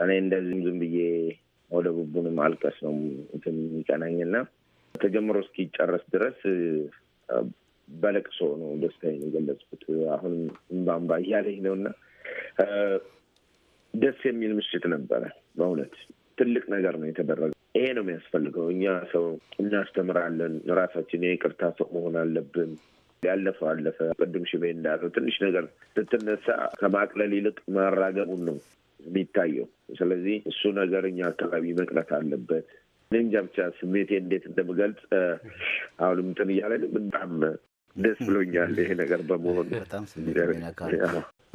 E: እኔ እንደዚህም ዝም ብዬ ወደ ቡቡን አልቀስ ነው እንትን የሚቀናኝ እና ተጀምሮ እስኪጨረስ ድረስ በለቅሶ ነው ደስታ የገለጽኩት። አሁን እምባምባ እያለኝ ነው እና ደስ የሚል ምሽት ነበረ። በእውነት ትልቅ ነገር ነው የተደረገ። ይሄ ነው የሚያስፈልገው። እኛ ሰው እናስተምራለን። ራሳችን የይቅርታ ሰው መሆን አለብን። ያለፈው አለፈ። ቅድም ሽሜ እንዳለው ትንሽ ነገር ስትነሳ ከማቅለል ይልቅ ማራገቡን ነው የሚታየው። ስለዚህ እሱ ነገር እኛ አካባቢ መቅረት አለበት። እንጃ ብቻ ስሜቴ እንዴት እንደምገልጽ አሁንም እንትን እያለን በጣም ደስ ብሎኛል ይሄ ነገር በመሆኑ በጣም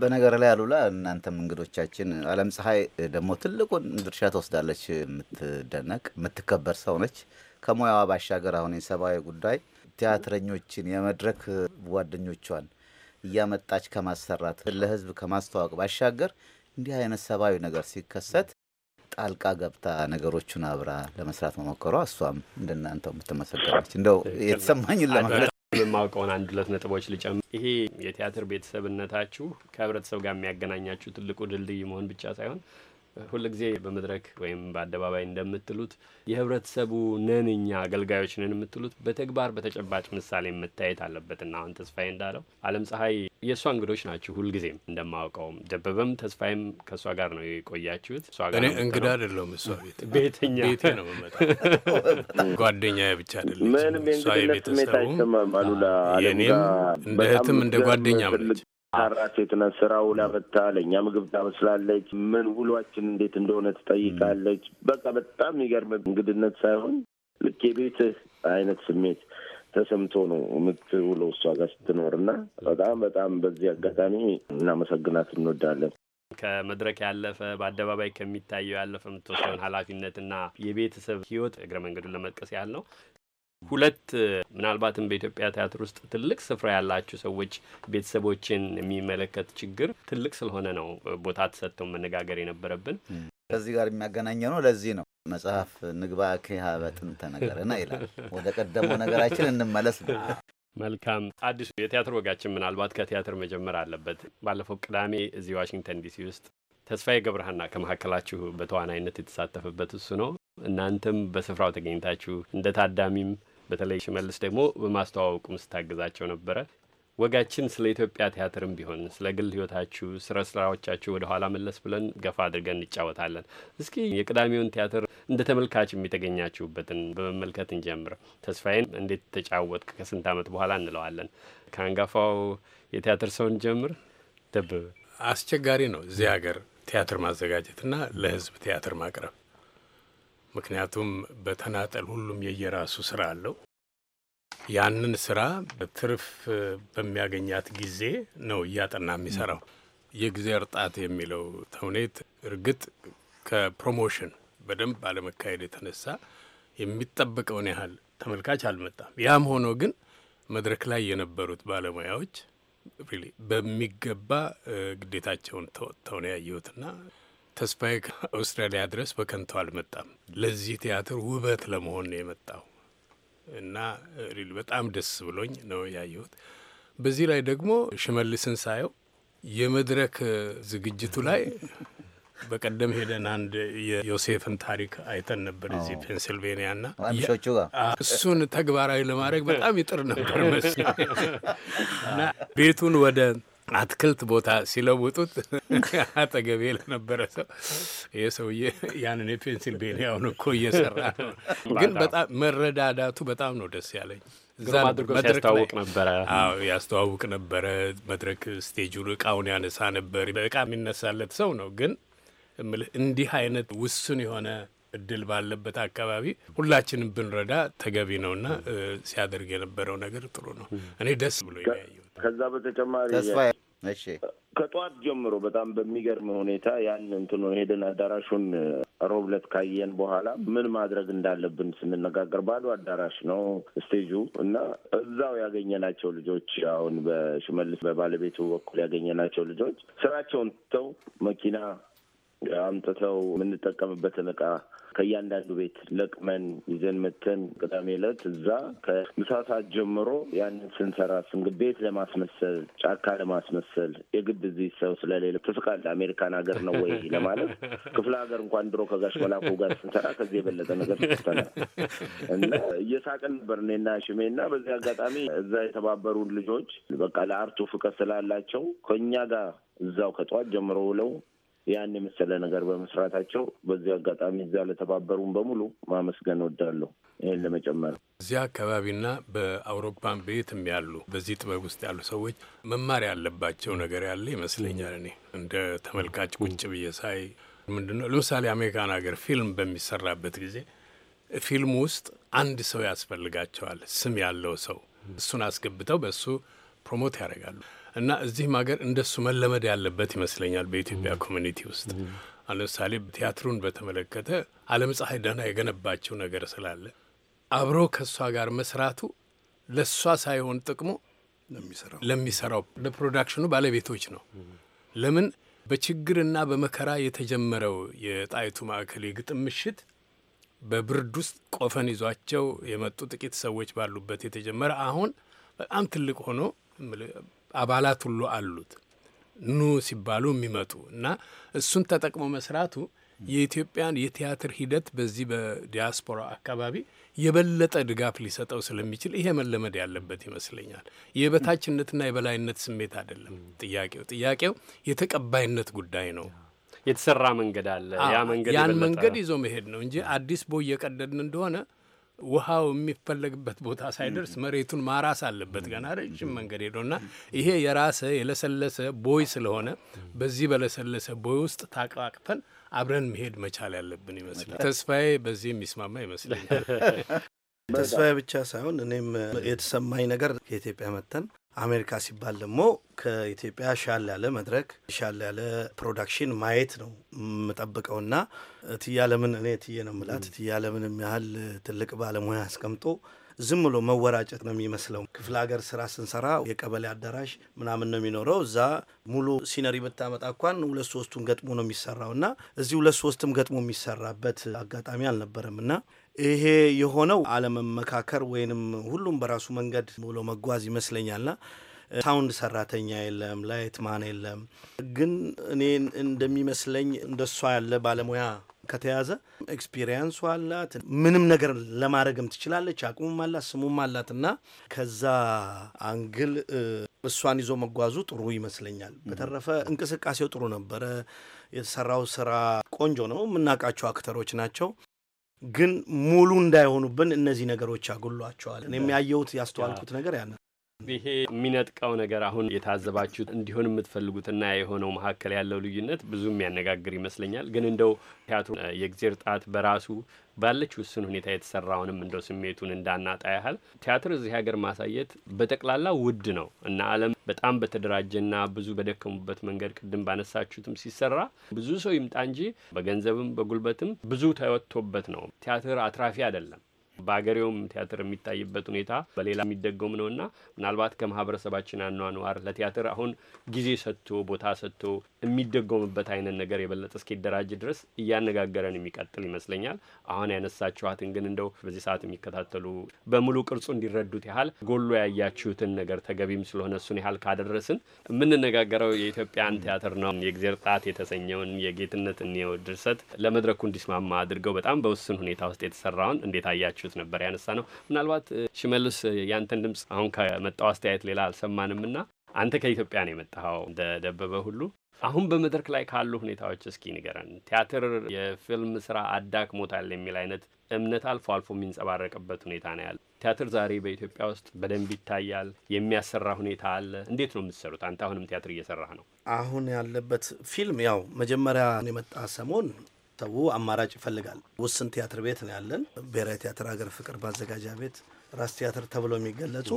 A: በነገር ላይ አሉላ እናንተም እንግዶቻችን አለም ፀሐይ ደግሞ ትልቁን ድርሻ ትወስዳለች። የምትደነቅ የምትከበር ሰው ነች። ከሙያዋ ባሻገር አሁን የሰብአዊ ጉዳይ ቲያትረኞችን የመድረክ ጓደኞቿን እያመጣች ከማሰራት ለህዝብ ከማስተዋወቅ ባሻገር እንዲህ አይነት ሰብአዊ ነገር ሲከሰት ጣልቃ ገብታ ነገሮቹን አብራ ለመስራት መሞከሯ እሷም እንደናንተው የምትመሰገናች። እንደው የተሰማኝን ለመግለጽ
B: የማውቀውን አንድ ሁለት ነጥቦች ልጨምር። ይሄ የቲያትር ቤተሰብነታችሁ ከህብረተሰብ ጋር የሚያገናኛችሁ ትልቁ ድልድይ መሆን ብቻ ሳይሆን ጊዜ በመድረክ ወይም በአደባባይ እንደምትሉት የህብረተሰቡ ነን እኛ አገልጋዮች ነን የምትሉት በተግባር በተጨባጭ ምሳሌ መታየት አለበትና አሁን ተስፋዬ እንዳለው አለም ፀሐይ የእሷ እንግዶች ናችሁ። ሁልጊዜም እንደማውቀውም ደበበም ተስፋዬም ከእሷ ጋር ነው የቆያችሁት። እኔ እንግዳ አይደለሁም። እሷ ቤት ቤተኛ ቤቴ ነው
C: መመጣ ጓደኛ ብቻ አይደለችም። እሷ የቤተሰቡ
E: የእኔም እንደ እህትም እንደ ጓደኛ ምለች አራት የጥነት ስራ ውላ በታ ለእኛ ምግብ ታበስላለች። ምን ውሏችን እንዴት እንደሆነ ትጠይቃለች። በቃ በጣም የሚገርም እንግድነት ሳይሆን ልክ የቤትህ አይነት ስሜት ተሰምቶ ነው የምትውለው እሷ ጋር ስትኖር እና በጣም በጣም በዚህ አጋጣሚ እናመሰግናት እንወዳለን።
B: ከመድረክ ያለፈ በአደባባይ ከሚታየው ያለፈ የምትወስደውን ኃላፊነትና የቤተሰብ ህይወት እግረ መንገዱን ለመጥቀስ ያህል ነው ሁለት ምናልባትም በኢትዮጵያ ቲያትር ውስጥ ትልቅ ስፍራ ያላችሁ ሰዎች ቤተሰቦችን የሚመለከት ችግር ትልቅ ስለሆነ ነው ቦታ ተሰጥተው መነጋገር የነበረብን።
A: ከዚህ ጋር የሚያገናኘ ነው። ለዚህ ነው መጽሐፍ ንግባ አኪሃ በጥንተ ነገርነ ይላል። ወደ ቀደመው ነገራችን እንመለስ ነው።
B: መልካም አዲሱ የቲያትር ወጋችን ምናልባት ከቲያትር መጀመር አለበት። ባለፈው ቅዳሜ እዚህ ዋሽንግተን ዲሲ ውስጥ ተስፋዬ ገብረሃና ከመካከላችሁ በተዋናይነት የተሳተፈበት እሱ ነው። እናንተም በስፍራው ተገኝታችሁ እንደ ታዳሚም በተለይ ሽመልስ ደግሞ በማስተዋወቁም ስታግዛቸው ነበረ። ወጋችን ስለ ኢትዮጵያ ቲያትርም ቢሆን ስለ ግል ህይወታችሁ፣ ስለ ስራዎቻችሁ ወደ ኋላ መለስ ብለን ገፋ አድርገን እንጫወታለን። እስኪ የቅዳሜውን ቲያትር እንደ ተመልካች የተገኛችሁበትን በመመልከት እንጀምር። ተስፋዬን እንዴት ተጫወት ከስንት ዓመት በኋላ እንለዋለን። ከአንጋፋው የቲያትር ሰውን ጀምር። ደብበ።
C: አስቸጋሪ ነው እዚህ ሀገር ቲያትር ማዘጋጀትና ለህዝብ ቲያትር ማቅረብ ምክንያቱም በተናጠል ሁሉም የየራሱ ስራ አለው። ያንን ስራ ትርፍ በሚያገኛት ጊዜ ነው እያጠና የሚሰራው። የጊዜ እርጣት የሚለው ተውኔት እርግጥ ከፕሮሞሽን በደንብ ባለመካሄድ የተነሳ የሚጠበቀውን ያህል ተመልካች አልመጣም። ያም ሆኖ ግን መድረክ ላይ የነበሩት ባለሙያዎች በሚገባ ግዴታቸውን ተወጥተው ነው ያየሁትና ተስፋዬ አውስትራሊያ ድረስ በከንቱ አልመጣም። ለዚህ ቲያትር ውበት ለመሆን ነው የመጣው እና በጣም ደስ ብሎኝ ነው ያየሁት። በዚህ ላይ ደግሞ ሽመልስን ሳየው የመድረክ ዝግጅቱ ላይ በቀደም ሄደን አንድ የዮሴፍን ታሪክ አይተን ነበር እዚህ ፔንስልቬኒያ ና እሱን ተግባራዊ ለማድረግ በጣም ይጥር ነበር መስ እና ቤቱን ወደ አትክልት ቦታ ሲለውጡት አጠገቤ ለነበረ ሰው ይህ ሰውዬ ያንን የፔንሲልቬኒያውን እኮ እየሰራ ነው። ግን በጣም መረዳዳቱ በጣም ነው ደስ ያለኝ። ያስተዋውቅ ነበረ። አዎ ያስተዋውቅ ነበረ። መድረክ ስቴጁ እቃውን ያነሳ ነበር። በእቃ የሚነሳለት ሰው ነው። ግን እምልህ እንዲህ አይነት ውሱን የሆነ እድል ባለበት አካባቢ ሁላችንም ብንረዳ ተገቢ ነውና ሲያደርግ የነበረው ነገር ጥሩ ነው። እኔ ደስ ብሎ ያየው ከዛ በተጨማሪ
E: እሺ ከጠዋት ጀምሮ በጣም በሚገርም ሁኔታ ያን እንትኑ ሄደን አዳራሹን ሮብለት ካየን በኋላ ምን ማድረግ እንዳለብን ስንነጋገር ባዶ አዳራሽ ነው ስቴጁ እና እዛው ያገኘናቸው ልጆች አሁን በሽመልስ በባለቤቱ በኩል ያገኘናቸው ልጆች ስራቸውን ትተው መኪና አምጥተው የምንጠቀምበትን እቃ። ከእያንዳንዱ ቤት ለቅመን ይዘን መተን ቅዳሜ ዕለት እዛ ከምሳ ሰዓት ጀምሮ ያንን ስንሰራ ስንግ ቤት ለማስመሰል ጫካ ለማስመሰል የግድ እዚህ ሰው ስለሌለ ትስቃለህ። አሜሪካን ሀገር ነው ወይ ለማለት ክፍለ ሀገር እንኳን ድሮ ከጋሽ መላኩ ጋር ስንሰራ ከዚህ የበለጠ ነገር ተፈተናል እና እየሳቅን ነበር እኔና ሽሜ እና በዚህ አጋጣሚ እዛ የተባበሩን ልጆች በቃ ለአርቱ ፍቅር ስላላቸው ከእኛ ጋር እዛው ከጠዋት ጀምሮ ውለው ያን የመሰለ ነገር በመስራታቸው በዚህ አጋጣሚ እዛ ለተባበሩን በሙሉ ማመስገን ወዳለሁ። ይህን ለመጨመር
C: እዚህ አካባቢና በአውሮፓን ቤትም ያሉ በዚህ ጥበብ ውስጥ ያሉ ሰዎች መማር ያለባቸው ነገር ያለ ይመስለኛል። እኔ እንደ ተመልካች ቁጭ ብዬ ሳይ ምንድን ነው ለምሳሌ አሜሪካን ሀገር ፊልም በሚሰራበት ጊዜ ፊልም ውስጥ አንድ ሰው ያስፈልጋቸዋል፣ ስም ያለው ሰው። እሱን አስገብተው በእሱ ፕሮሞት ያደርጋሉ እና እዚህም ሀገር እንደሱ መለመድ ያለበት ይመስለኛል በኢትዮጵያ ኮሚኒቲ ውስጥ ለምሳሌ ቲያትሩን በተመለከተ አለም ፀሐይ ደህና የገነባቸው ነገር ስላለ አብሮ ከእሷ ጋር መስራቱ ለእሷ ሳይሆን ጥቅሙ ለሚሰራው ለፕሮዳክሽኑ ባለቤቶች ነው። ለምን በችግርና በመከራ የተጀመረው የጣይቱ ማዕከል የግጥም ምሽት በብርድ ውስጥ ቆፈን ይዟቸው የመጡ ጥቂት ሰዎች ባሉበት የተጀመረ አሁን በጣም ትልቅ ሆኖ አባላት ሁሉ አሉት ኑ ሲባሉ የሚመጡ እና እሱን ተጠቅሞ መስራቱ የኢትዮጵያን የቲያትር ሂደት በዚህ በዲያስፖራ አካባቢ የበለጠ ድጋፍ ሊሰጠው ስለሚችል ይሄ መለመድ ያለበት ይመስለኛል። የበታችነትና የበላይነት ስሜት አይደለም ጥያቄው። ጥያቄው የተቀባይነት ጉዳይ ነው። የተሰራ መንገድ አለ። ያ መንገድ ያን መንገድ ይዞ መሄድ ነው እንጂ አዲስ ቦይ እየቀደድን እንደሆነ ውሃው የሚፈለግበት ቦታ ሳይደርስ መሬቱን ማራስ አለበት። ገና ረጅም መንገድ ሄዶና ይሄ የራሰ የለሰለሰ ቦይ ስለሆነ በዚህ በለሰለሰ ቦይ ውስጥ ታቅፋቅፈን አብረን መሄድ መቻል ያለብን ይመስላል። ተስፋዬ በዚህ የሚስማማ
D: ይመስለኛል። ተስፋዬ ብቻ ሳይሆን እኔም የተሰማኝ ነገር ከኢትዮጵያ መጥተን አሜሪካ ሲባል ደግሞ ከኢትዮጵያ ሻል ያለ መድረክ ሻል ያለ ፕሮዳክሽን ማየት ነው የምጠብቀውና ለምን እኔ እትዬ ነው የምላት ለምን ያህል ትልቅ ባለሙያ አስቀምጦ ዝም ብሎ መወራጨት ነው የሚመስለው። ክፍለ ሀገር ስራ ስንሰራ የቀበሌ አዳራሽ ምናምን ነው የሚኖረው። እዛ ሙሉ ሲነሪ ብታመጣ እንኳን ሁለት ሶስቱን ገጥሞ ነው የሚሰራው እና እዚህ ሁለት ሶስትም ገጥሞ የሚሰራበት አጋጣሚ አልነበረም እና ይሄ የሆነው አለመመካከር ወይንም ሁሉም በራሱ መንገድ ብሎ መጓዝ ይመስለኛልና ሳውንድ ሰራተኛ የለም፣ ላይት ማን የለም። ግን እኔ እንደሚመስለኝ እንደሷ ያለ ባለሙያ ከተያዘ ኤክስፒሪየንሱ አላት፣ ምንም ነገር ለማድረግም ትችላለች፣ አቅሙም አላት፣ ስሙም አላት እና ከዛ አንግል እሷን ይዞ መጓዙ ጥሩ ይመስለኛል። በተረፈ እንቅስቃሴው ጥሩ ነበረ። የተሰራው ስራ ቆንጆ ነው። የምናውቃቸው አክተሮች ናቸው። ግን ሙሉ እንዳይሆኑብን እነዚህ ነገሮች አጉሏቸዋል። እኔም ያየሁት ያስተዋልኩት ነገር ያን
B: ይሄ የሚነጥቀው ነገር አሁን የታዘባችሁት እንዲሆን የምትፈልጉትና የሆነው መካከል ያለው ልዩነት ብዙ የሚያነጋግር ይመስለኛል። ግን እንደው ቲያትሩ የእግዜር ጣት በራሱ ባለች ውስን ሁኔታ የተሰራውንም እንደው ስሜቱን እንዳናጣ ያህል ቲያትር እዚህ ሀገር ማሳየት በጠቅላላ ውድ ነው እና ዓለም በጣም በተደራጀና ብዙ በደከሙበት መንገድ ቅድም ባነሳችሁትም ሲሰራ ብዙ ሰው ይምጣ እንጂ በገንዘብም በጉልበትም ብዙ ተወጥቶበት ነው። ቲያትር አትራፊ አይደለም። በአገሬውም ቲያትር የሚታይበት ሁኔታ በሌላ የሚደጎም ነውና ምናልባት ከማህበረሰባችን አኗኗር ለቲያትር አሁን ጊዜ ሰጥቶ ቦታ ሰጥቶ የሚደጎምበት አይነት ነገር የበለጠ እስኪደራጅ ድረስ እያነጋገረን የሚቀጥል ይመስለኛል። አሁን ያነሳችኋትን ግን እንደው በዚህ ሰዓት የሚከታተሉ በሙሉ ቅርጹ እንዲረዱት ያህል ጎሎ ያያችሁትን ነገር ተገቢም ስለሆነ እሱን ያህል ካደረስን የምንነጋገረው የኢትዮጵያን ቲያትር ነው። የእግዜር ጣት የተሰኘውን የጌትነት ድርሰት ለመድረኩ እንዲስማማ አድርገው በጣም በውስን ሁኔታ ውስጥ የተሰራውን እንዴት አያችሁ ምሽት ነበር ያነሳ ነው። ምናልባት ሽመልስ ያንተን ድምፅ አሁን ከመጣው አስተያየት ሌላ አልሰማንም እና አንተ ከኢትዮጵያ ነው የመጣኸው እንደ ደበበ ሁሉ አሁን በመድረክ ላይ ካሉ ሁኔታዎች እስኪ ንገረን። ቲያትር የፊልም ስራ አዳክሞታል የሚል አይነት እምነት አልፎ አልፎ የሚንጸባረቅበት ሁኔታ ነው ያለ። ቲያትር ዛሬ በኢትዮጵያ ውስጥ በደንብ ይታያል። የሚያሰራ ሁኔታ አለ። እንዴት ነው የምትሰሩት? አንተ አሁንም ቲያትር እየሰራህ ነው?
D: አሁን ያለበት ፊልም ያው መጀመሪያ የመጣ ሰሞን ተዉ አማራጭ ይፈልጋል። ውስን ቲያትር ቤት ነው ያለን። ብሔራዊ ቲያትር፣ ሀገር ፍቅር ማዘጋጃ ቤት፣ ራስ ቲያትር ተብሎ የሚገለጹ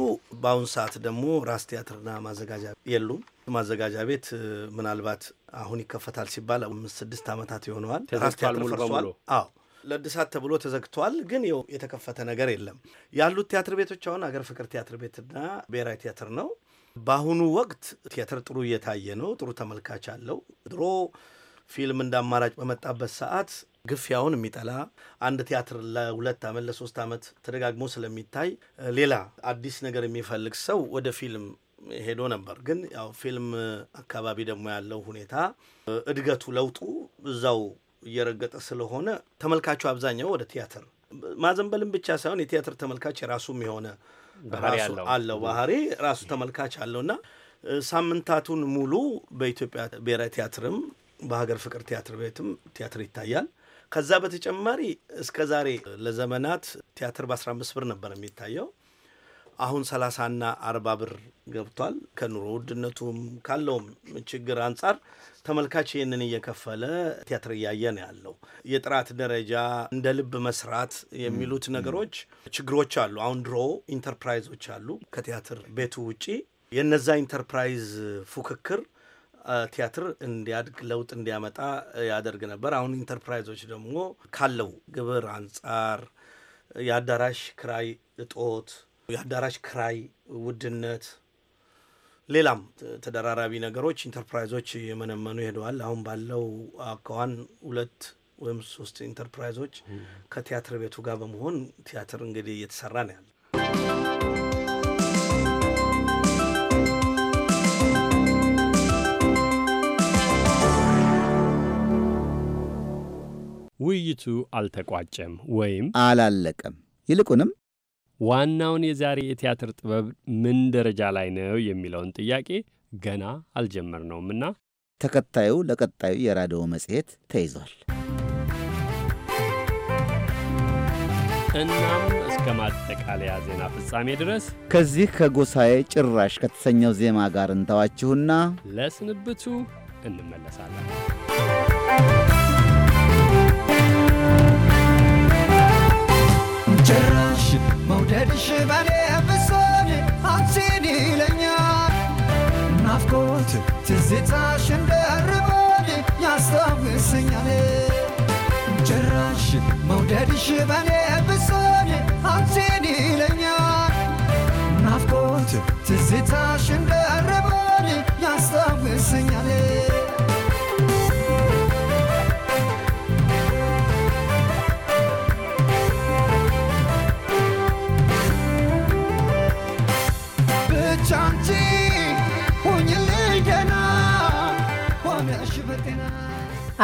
D: በአሁኑ ሰዓት ደግሞ ራስ ቲያትርና ማዘጋጃ የሉም። ማዘጋጃ ቤት ምናልባት አሁን ይከፈታል ሲባል አምስት ስድስት ዓመታት ይሆነዋል። ራስ ቲያትር ፈርሷል። አዎ ለእድሳት ተብሎ ተዘግቷል። ግን ው የተከፈተ ነገር የለም። ያሉት ቲያትር ቤቶች አሁን አገር ፍቅር ቲያትር ቤትና ብሔራዊ ቲያትር ነው። በአሁኑ ወቅት ቲያትር ጥሩ እየታየ ነው። ጥሩ ተመልካች አለው። ድሮ ፊልም እንደ አማራጭ በመጣበት ሰዓት ግፊያውን የሚጠላ አንድ ቲያትር ለሁለት ዓመት ለሶስት ዓመት ተደጋግሞ ስለሚታይ ሌላ አዲስ ነገር የሚፈልግ ሰው ወደ ፊልም ሄዶ ነበር። ግን ያው ፊልም አካባቢ ደግሞ ያለው ሁኔታ እድገቱ፣ ለውጡ እዛው እየረገጠ ስለሆነ ተመልካቹ አብዛኛው ወደ ቲያትር ማዘንበልም ብቻ ሳይሆን የቲያትር ተመልካች የራሱም የሆነ አለው ባህሪ ራሱ ተመልካች አለውና ሳምንታቱን ሙሉ በኢትዮጵያ ብሔራዊ ቲያትርም በሀገር ፍቅር ቲያትር ቤትም ቲያትር ይታያል። ከዛ በተጨማሪ እስከ ዛሬ ለዘመናት ቲያትር በ15 ብር ነበር የሚታየው። አሁን 30ና 40 ብር ገብቷል። ከኑሮ ውድነቱም ካለውም ችግር አንጻር ተመልካች ይህንን እየከፈለ ቲያትር እያየ ነው ያለው። የጥራት ደረጃ እንደ ልብ መስራት የሚሉት ነገሮች ችግሮች አሉ። አሁን ድሮ ኢንተርፕራይዞች አሉ ከቲያትር ቤቱ ውጪ የነዛ ኢንተርፕራይዝ ፉክክር ቲያትር እንዲያድግ ለውጥ እንዲያመጣ ያደርግ ነበር። አሁን ኢንተርፕራይዞች ደግሞ ካለው ግብር አንጻር የአዳራሽ ክራይ እጦት፣ የአዳራሽ ክራይ ውድነት፣ ሌላም ተደራራቢ ነገሮች ኢንተርፕራይዞች የመነመኑ ሄደዋል። አሁን ባለው አካዋን ሁለት ወይም ሶስት ኢንተርፕራይዞች ከቲያትር ቤቱ ጋር በመሆን ቲያትር እንግዲህ እየተሰራ ነው ያለ
B: ውይይቱ አልተቋጨም ወይም
A: አላለቀም። ይልቁንም
B: ዋናውን የዛሬ የቲያትር ጥበብ ምን ደረጃ ላይ ነው የሚለውን ጥያቄ ገና አልጀመርነውምና
A: ተከታዩ ለቀጣዩ የራዲዮ መጽሔት ተይዟል።
B: እናም እስከ ማጠቃለያ ዜና ፍጻሜ ድረስ
A: ከዚህ ከጎሳዬ ጭራሽ ከተሰኘው ዜማ ጋር እንተዋችሁና
B: ለስንብቱ እንመለሳለን። ጭራሽ መውደድሽ በኔ
G: ብሶኝ አንቺን ይለኛል ናፍቆት ትዝታሽ እንደርቦኝ ያስታውሰኛል ጭራሽ መውደድሽ በኔ ብሶኝ አንቺን ይለኛል
A: ናፍቆት
B: ትዝታሽ እንደርቦ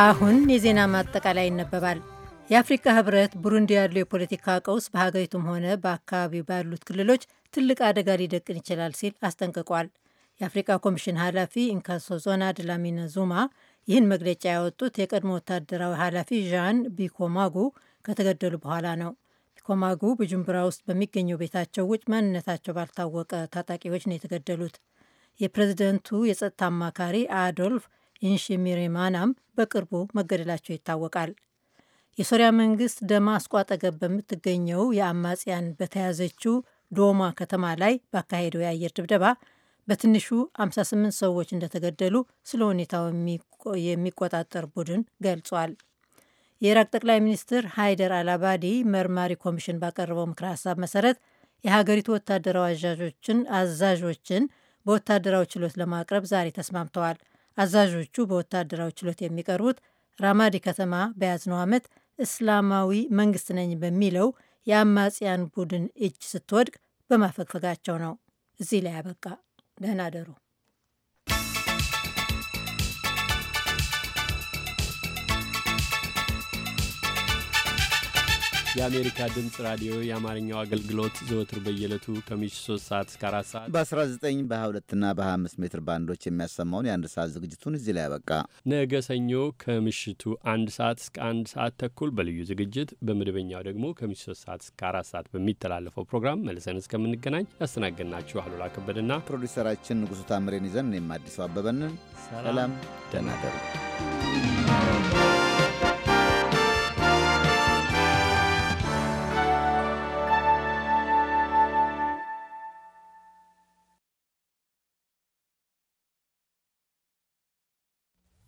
G: አሁን የዜና ማጠቃላይ ይነበባል። የአፍሪካ ህብረት ቡሩንዲ ያለው የፖለቲካ ቀውስ በሀገሪቱም ሆነ በአካባቢው ባሉት ክልሎች ትልቅ አደጋ ሊደቅን ይችላል ሲል አስጠንቅቋል። የአፍሪካ ኮሚሽን ኃላፊ ዞና ድላሚነ ዙማ ይህን መግለጫ ያወጡት የቀድሞ ወታደራዊ ኃላፊ ዣን ቢኮማጉ ከተገደሉ በኋላ ነው። ቢኮማጉ በጁምቡራ ውስጥ በሚገኘው ቤታቸው ውጭ ማንነታቸው ባልታወቀ ታጣቂዎች ነው የተገደሉት። የፕሬዝደንቱ የጸጥታ አማካሪ አዶልፍ ኢንሺሚሪማናም በቅርቡ መገደላቸው ይታወቃል። የሶሪያ መንግስት ደማስቆ አጠገብ በምትገኘው የአማጽያን በተያዘችው ዶማ ከተማ ላይ ባካሄደው የአየር ድብደባ በትንሹ 58 ሰዎች እንደተገደሉ ስለ ሁኔታው የሚቆጣጠር ቡድን ገልጿል። የኢራቅ ጠቅላይ ሚኒስትር ሃይደር አልአባዲ መርማሪ ኮሚሽን ባቀረበው ምክረ ሀሳብ መሰረት የሀገሪቱ ወታደራዊ አዛዦችን አዛዦችን በወታደራዊ ችሎት ለማቅረብ ዛሬ ተስማምተዋል። አዛዦቹ በወታደራዊ ችሎት የሚቀርቡት ራማዲ ከተማ በያዝነው ዓመት እስላማዊ መንግስት ነኝ በሚለው የአማጽያን ቡድን እጅ ስትወድቅ በማፈግፈጋቸው ነው። እዚህ ላይ አበቃ። ደህና ደሩ።
B: የአሜሪካ ድምፅ ራዲዮ የአማርኛው አገልግሎት ዘወትር በየዕለቱ ከምሽቱ
A: 3 ሰዓት እስከ 4 ሰዓት በ19 22 እና በ25 ሜትር ባንዶች የሚያሰማውን የአንድ ሰዓት ዝግጅቱን እዚህ ላይ ያበቃ።
B: ነገ ሰኞ ከምሽቱ አንድ ሰዓት እስከ አንድ ሰዓት ተኩል በልዩ ዝግጅት በመደበኛው ደግሞ ከምሽቱ 3 ሰዓት እስከ 4 ሰዓት በሚተላለፈው ፕሮግራም መልሰን እስከምንገናኝ
A: ያስተናገድናችሁ አሉላ ከበድና ፕሮዲሰራችን ንጉሱ ታምሬን ይዘን እኔም አዲሱ አበበንን ሰላም ደህና ደሩ።